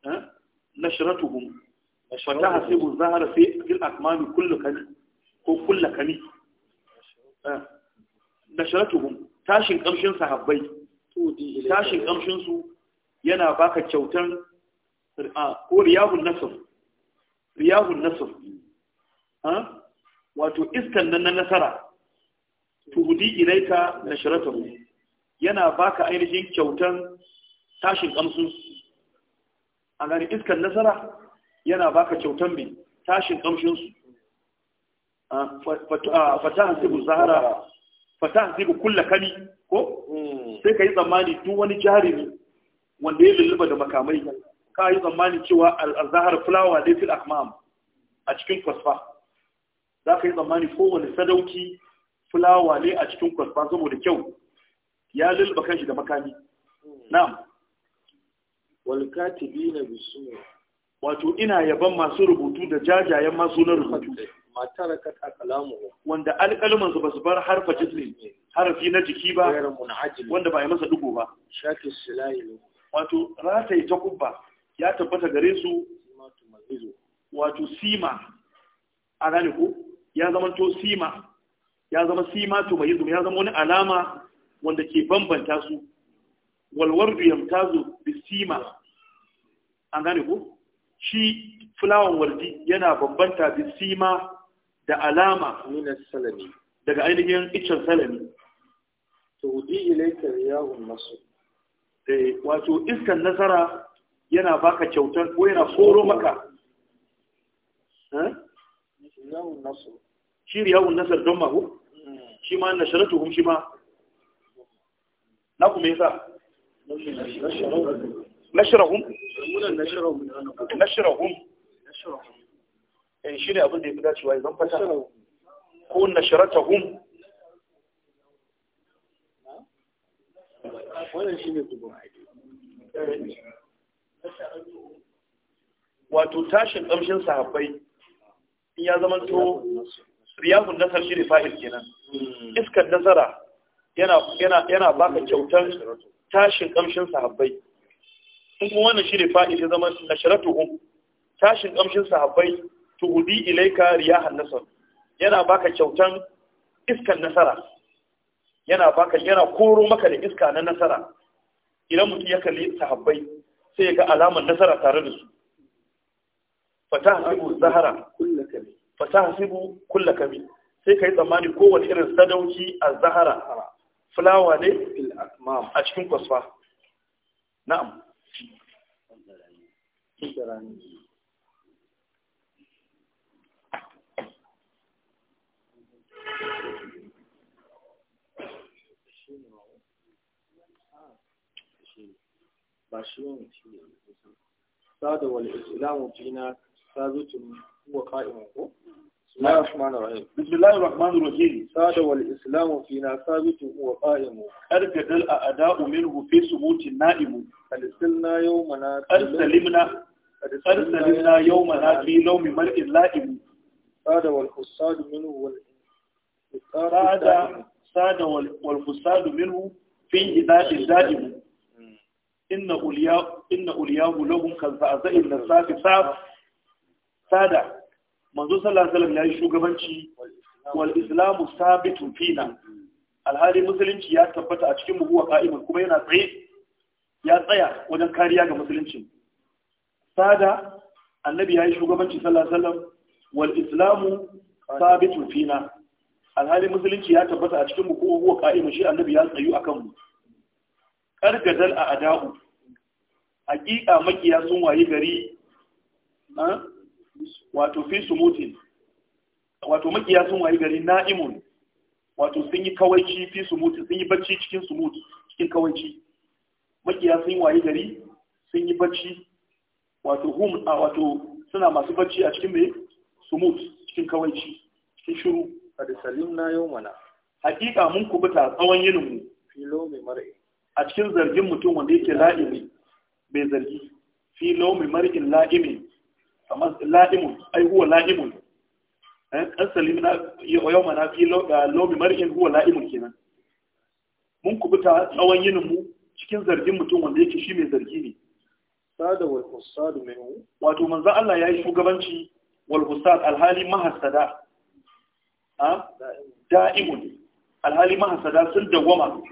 A: ha nashratuhum fatahsibu zahara fi fil akmami kullu kani ko kullu kani eh. nashratuhum tashin kamshin sahabbai tashin kamshin su yana baka kyautan ah, ko riyahun nasr riyahun nasr ah? wato iskan nan na nasara tuhudi ilaika nashratuhum yana baka ainihin kyautan tashin kamshin su a gani iskan nasara yana baka kyautan mai tashin kamshinsu fatahan zibu zahara fatahan zibu kulla kani ko hmm. sai ka yi tsammani tun wani jarumi wanda ya lulluba da makamai ka yi tsammani cewa al'azahar zahar fulawa ne fil akmam a cikin kwasfa za ka yi tsammani kowane sadauki fulawa ne a cikin kwasfa saboda kyau ya lulluba kanshi da makami hmm. na'am wal katibina bismi wato ina yaban masu rubutu da jajayen masu na rubutu matar ka kalamu wanda alƙalman su basu bar harfa jismi harfi na jiki ba wanda ba ya masa dugo ba shaki silayi wato rata ta kubba ya tabbata gare su wato sima a gane ko ya zama to sima ya zama sima to mai ya zama wani alama wanda ke bambanta su والورد يمتاز بالسيما an gane ku shi fulawan wardi yana bambanta bisima da alama minas salami daga ainihin iccen salami taudi nasu eh, wato iskan nasara yana baka kyautar ko yana koro maka eh riyahun nasu shi nasar don hmm. shi ma nasharatuhum shi ma nashrahum nashrahum eh shine abin da ya fi dacewa idan fata ko nashratahum wannan shine wato tashin kamshin sahabbai in ya zama to riyahun nasar shi ne fa'il kenan iskar nasara yana baka kyautar tashin kamshin sahabbai sun kuma wannan shine fa'ida zama nashratuhum tashin kamshin sahabbai tuhudi ilaika riyahan nasar yana baka kyautan iskan nasara yana baka yana koro maka da iska na nasara idan mutum ya kalli sahabbai sai ya ga alamar nasara tare da su hasibu zahara fatahsibu kullakami sai kai tsammani kowace irin sadauki a zahara fulawa ne a cikin kwasfa na'am ba shi wani shi ne sada wal ko بسم الله الرحمن الرحيم بسم الله الرحمن الرحيم ساد والإسلام فينا ثابت وقائم أركد الأداء منه في ثبوت النائم أرسلنا يومنا أرسلمنا
B: أرسلنا يومنا في لوم مرء اللائم
A: ساد والحصاد منه ساد ساد والحصاد منه في إذاء الدائم إن أولياء إن أولياء لهم كالزعزع النصاف ساد ساد manzo sallallahu alaihi wasallam ya yi shugabanci wal islamu sabitu fina alhali musulunci ya tabbata a cikin mu qa'ima kuma yana tsaye ya tsaya wajen kariya ga musulunci sada annabi ya yi shugabanci sallallahu alaihi wasallam wal islamu sabitu fina alhali musulunci ya tabbata a cikin mu kuma shi annabi ya tsayu akan mu kargadal a ada'u hakika makiya sun waye gari wato fi sumutin wato makiya sun wayi gari na'imun wato sun yi kawaici fi sumutin sun yi bacci cikin sumut cikin kawaici makiya sun wayi gari sun yi bacci wato hum a wato suna masu bacci a cikin mai sumut cikin kawaici cikin shiru da salim na yau mana hakika mun kubuta tsawon yinin mu filo mai mar'i a cikin zargin mutum wanda yake la'imi bai zargi filo mai mar'in la'imi kamar la'imun ai huwa la'imun eh, asali na yau ma na fi lobi mar'in huwa la'imun kenan mun kubuta tsawon yinin mu cikin zargin mutum wanda yake shi mai zargi ne sada wal husad minhu wato manzo Allah yayi shugabanci wal husad alhali mahasada a da'imun alhali mahasada sun dawama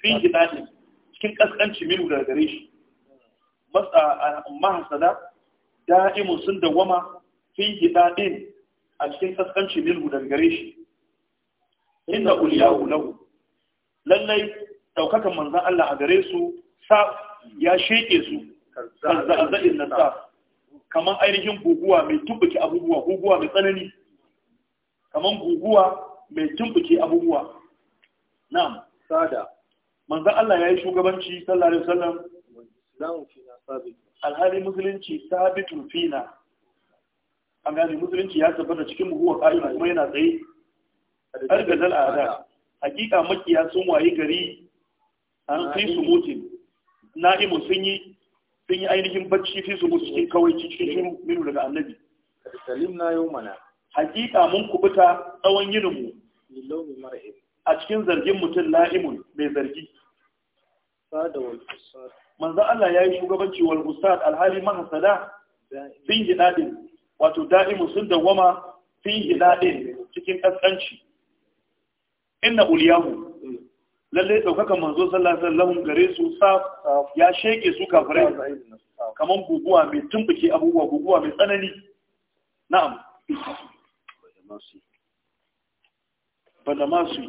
A: fi hidani cikin kaskanci minu daga gare shi mahasada da'imun sun dawwama yi gidaɗin a cikin kaskanci minhu daga gare shi inda uliyahu lahu lallai daukakan manzan Allah a gare su sa ya sheke su na sa Kamar ainihin guguwa mai tumbuki abubuwa guguwa mai tsanani Kamar guguwa mai tumbuki abubuwa na'am sada manzan Allah ya yi shugabanci sallallahu alaihi wasallam alhali musulunci sabitun fina an gane musulunci ya tabbata cikin muhuwa kayan kuma yana tsaye argazal ada hakika makiya sun waye gari an fi su mutu. na'imu sun yi sun yi ainihin bacci fi su mutu cikin kawai cikin shiru minu daga annabi salim na yau mana hakika mun kubuta tsawon yininmu a cikin zargin mutum la'imun mai zargi manzo Allah ya yi shugabanci wal ustad alhali mahasada fin jidadin wato da'imu sun dawama fin jidadin cikin kaskanci inna uliyahu lalle daukakan manzo sallallahu alaihi wasallam gare su sa ya sheke su kafirai kaman guguwa mai tumbuke abubuwa guguwa mai tsanani na'am badamasi badamasi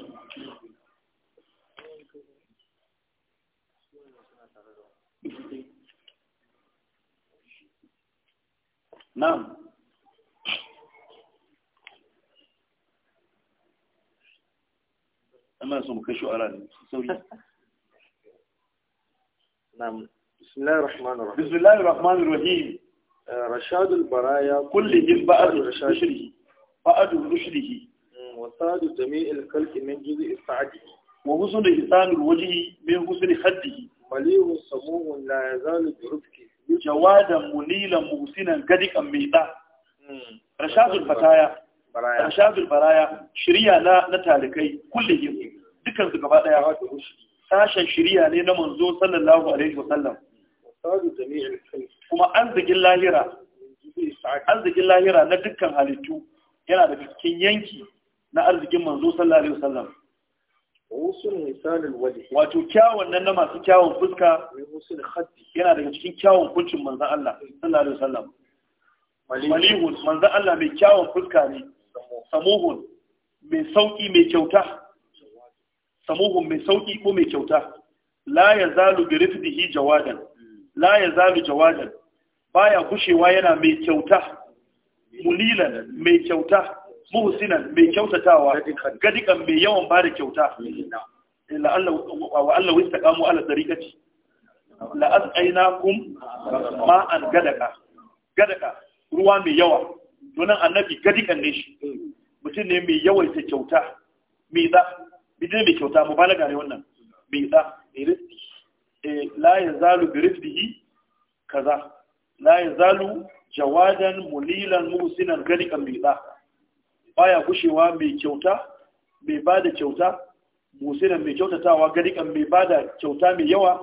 A: نعم أما سمك شعراء نعم بسم الله الرحمن الرحيم بسم الله الرحمن الرحيم آه، رشاد البرايا كل كلهم بعد رشده بعد رشده وصاد جميع الخلق من جزء سعده وحسن لسان الوجه من حسن خده مليء الصموم لا يزال برفق jawadan munilan musinan gadikan mai da hmm. rashadul fataya rashadul baraya shirya na na talikai kullihim dukkan su gaba daya sashen shirya ne na manzo sallallahu alaihi wa sallam. kuma arzikin lahira arzikin lahira na dukkan halittu yana da cikin yanki na arzikin manzo sallallahu alaihi wa sallam. wato kyawun nan na masu kyawun fuska yana daga cikin kyawun kuncin manzan Allah sallallahu alaihi wasallam malihun manzan Allah mai kyawun fuska ne samuhun mai sauki mai kyauta samuhun mai sauki ko mai kyauta la yazalu bi rifdihi jawadan hmm. la yazalu jawadan baya gushewa yana mai kyauta mulilan mai kyauta muhsina mai kyautatawa gadikan mai yawan ba da kyauta eh, wa Allah wista kamo ala tsarikaci aina kum ma'an gadaka gadaka ruwa mai yawa donan annabi gadikan ne shi mm. mutum ne mai yawaita kyauta mai za bidin mai kyauta mu balaga ne wannan mai za eh, la ya zalu bi rifdihi kaza la ya zalu jawadan mulilan muhsinan gadikan mai za baya gushewa mai kyauta mai ba da kyauta musinan mai kyautatawa kan mai ba da kyauta mai yawa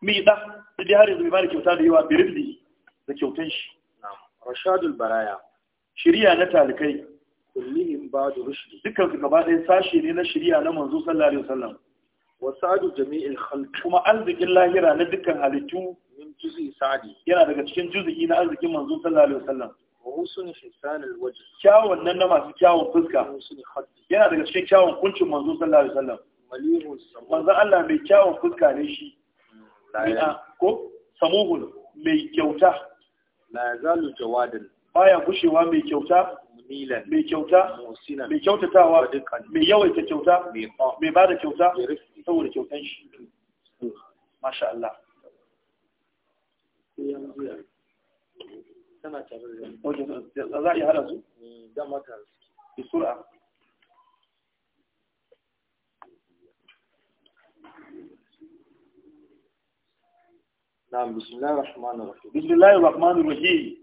A: mai da dai har yanzu mai ba da kyauta da yawa biribli da kyautan shi rashadul baraya shirya na talikai kullihim ba da rushdi dukkan su gaba ɗaya sashe ne na shirya na manzo sallallahu alaihi wasallam wa sa'adu jami'il khalq kuma arzikin lahira na dukkan halittu min juzi sa'adi yana daga cikin juzi na arzikin manzo sallallahu alaihi wasallam وحسن حسان الوجه كاون نن ما في كاون فسكا yana daga cikin kyawun kuncin manzo sallallahu alaihi wasallam manzo Allah mai kyawun fuska ne shi ko samuhul mai kyauta la zalu jawadin baya gushewa mai kyauta munilan mai kyauta musina mai kyautatawa mai yawaita kyauta mai bada kyauta saboda kyautan shi masha Allah tana tare da jami'a wajen za a iya hada su eh, dama tare su sura نعم بسم الله الرحمن الرحيم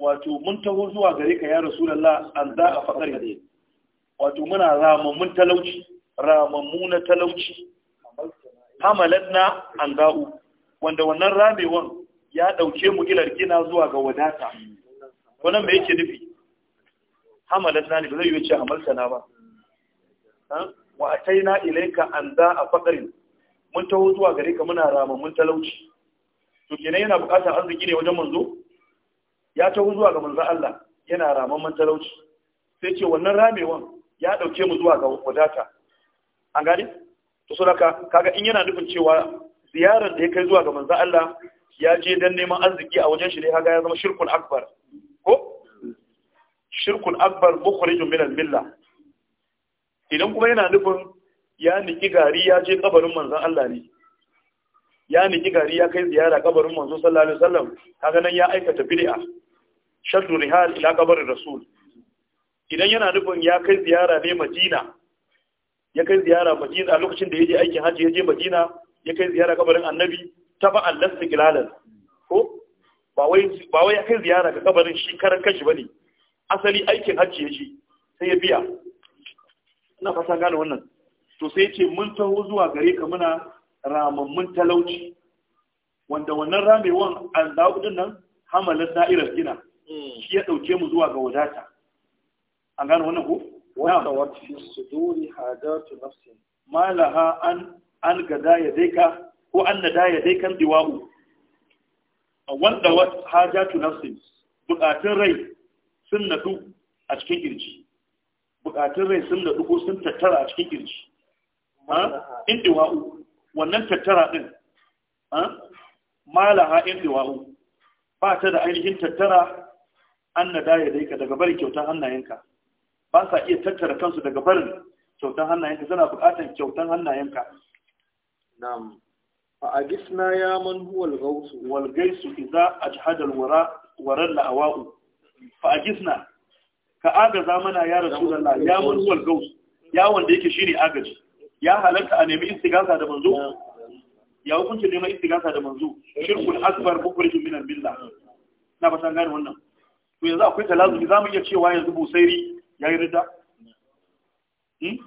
A: wato mun taho zuwa gare ka ya rasulullah an a faɗar wato muna ramammun talauci ramammu na talauci hamalatna an da'u wanda wannan ramewan ya ɗauke mu gilar gina zuwa ga wadata wannan me yake nufi hamalatna ne ba zai yi ce hamaltana ba wa ataina ilayka an da'a faqrin mun taho zuwa gare ka muna rama mun talauci to kenan yana bukatar arziki ne wajen manzo ya taho zuwa ga manzo Allah yana raman mun talauci sai ce wannan ramewan ya ɗauke mu zuwa ga wadata an gane to so haka kaga in yana nufin cewa ziyarar da ya kai zuwa ga manzo Allah ya je dan neman arziki a wajen shi ne kaga ya zama shirkun akbar ko shirkun akbar mukhrij min al-milla idan kuma yana nufin ya niki gari ya je kabarin manzo Allah ne ya niki gari ya kai ziyara kabarin manzo sallallahu alaihi wasallam kaga nan ya aikata bid'a shaddu rihal ila kabarin rasul idan yana nufin ya kai ziyara ne Madina ya kai ziyara madina lokacin da ya je aikin haji ya je madina ya kai ziyara kabarin annabi ta ba Allah gilalan? ko ba wai ba wai ya kai ziyara ga kabarin shi karan kanshi bane asali aikin hajji ya je sai ya biya ina fata gane wannan to sai ya ce mun taho zuwa gare ka muna ramammun talauci wanda wannan ramewan an zaɓu nan hamalin da'irar gina hmm. shi ya dauke mu zuwa ga wadata an gane wannan ko wata wata fi suduri hadatu nafsin malaha an an gada ya daika ko an nada ya daikan diwa'u wanda wata hajatu bukatun rai sun nadu a cikin kirji bukatun rai sun nadu ko sun tattara a cikin in diwa'u wannan tattara din malaha in diwa'u ba ta da ainihin tattara an nada ya daika daga bari kyautar hannayenka ba sa iya tattara kansu daga barin kyautan hannayenka suna buƙatar kyautan hannayenka na'am fa agisna ya man huwa al-gausu wal gaisu idza ajhada al-wara waran fa agisna ka agaza mana ya rasulullah ya man huwa al-gausu ya wanda yake shine agaji ya halatta a nemi istigasa da manzo ya hukunci neman istigasa da manzo shirkul akbar mukhrijun min al-billah na ba san gane wannan to yanzu akwai talazu zamu iya cewa yanzu busairi ya yi rida hmm?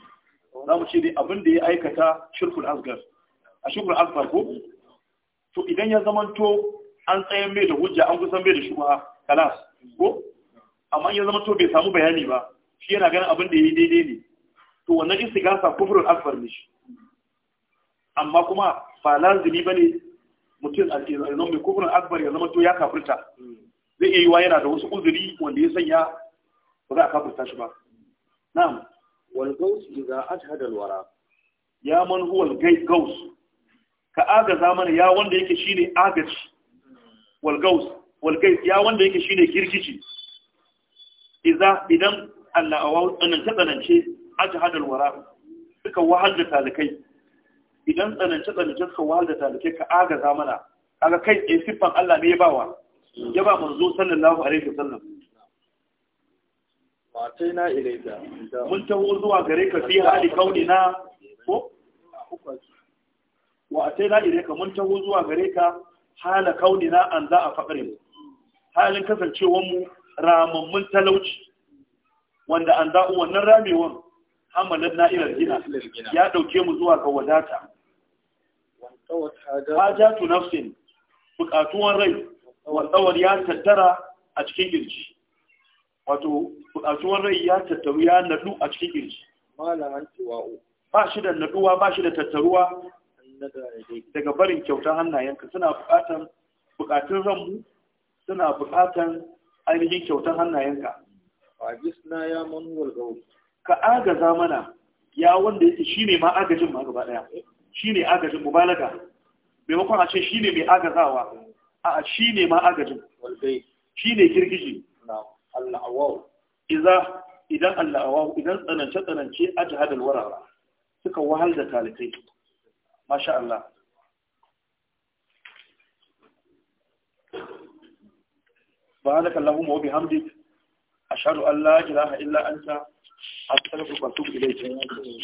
A: za mu ce dai abin da ya aikata shirkul asgar a shirkul asgar ko to idan ya zamanto an tsayen mai da hujja an kusan mai da ba, kalas ko amma ya zamanto bai samu bayani ba shi yana ganin abin da ya yi daidai ne to wannan gasa kufurin asgar ne shi amma kuma ba lazimi ba ne mutum a mai kufrin ya zama to ya kafurta. zai iya yi wa yana da wasu uzuri wanda ya sanya ba za a shi ba na'am wal gaus idza ajhada al wara ya man huwa al gaus ka agaza mana ya wanda yake shine agaci wal gaus wal gais ya wanda yake shine kirkici idza idan Allah awau tsanance tsanance ajhada al wara suka wahal da talikai idan tsanance tsanance suka wahal da talikai ka agaza mana kaga kai sifan eh, siffan Allah ne ya bawa ya ba manzo sallallahu alaihi wasallam Mataina ilaika. Mun taho zuwa gare ka fi hali kauni na ko? Wa ilaika mun taho zuwa gare ka hala kauni na an za a faƙare. Halin kasancewar mu mun talauci wanda an za wannan ramewan hamalar na ilar gina ya ɗauke mu zuwa ga wadata. Hajatu nafsin buƙatuwan rai wa tsawar ya tattara a cikin girji. wato buƙatuwar rai ya tattaru ya naɗu a cikin kirji ba shi da naɗuwa ba shi da tattaruwa daga barin kyautar hannayenka suna buƙatan buƙatun ranmu suna buƙatan ainihin kyautar hannayenka ka agaza mana ya wanda yake ne ma agajin ma gaba daya ne agajin mubalaga maimakon a ce ne mai agazawa a ne ma agajin Shi ne girgiji Allah iza idan Allah awaw idan tsanance tsanance ajhad alwarara suka wahal da talikai masha Allah بارك اللهم وبحمدك أشهد أن لا إله إلا أنت أستغفرك وأتوب إليك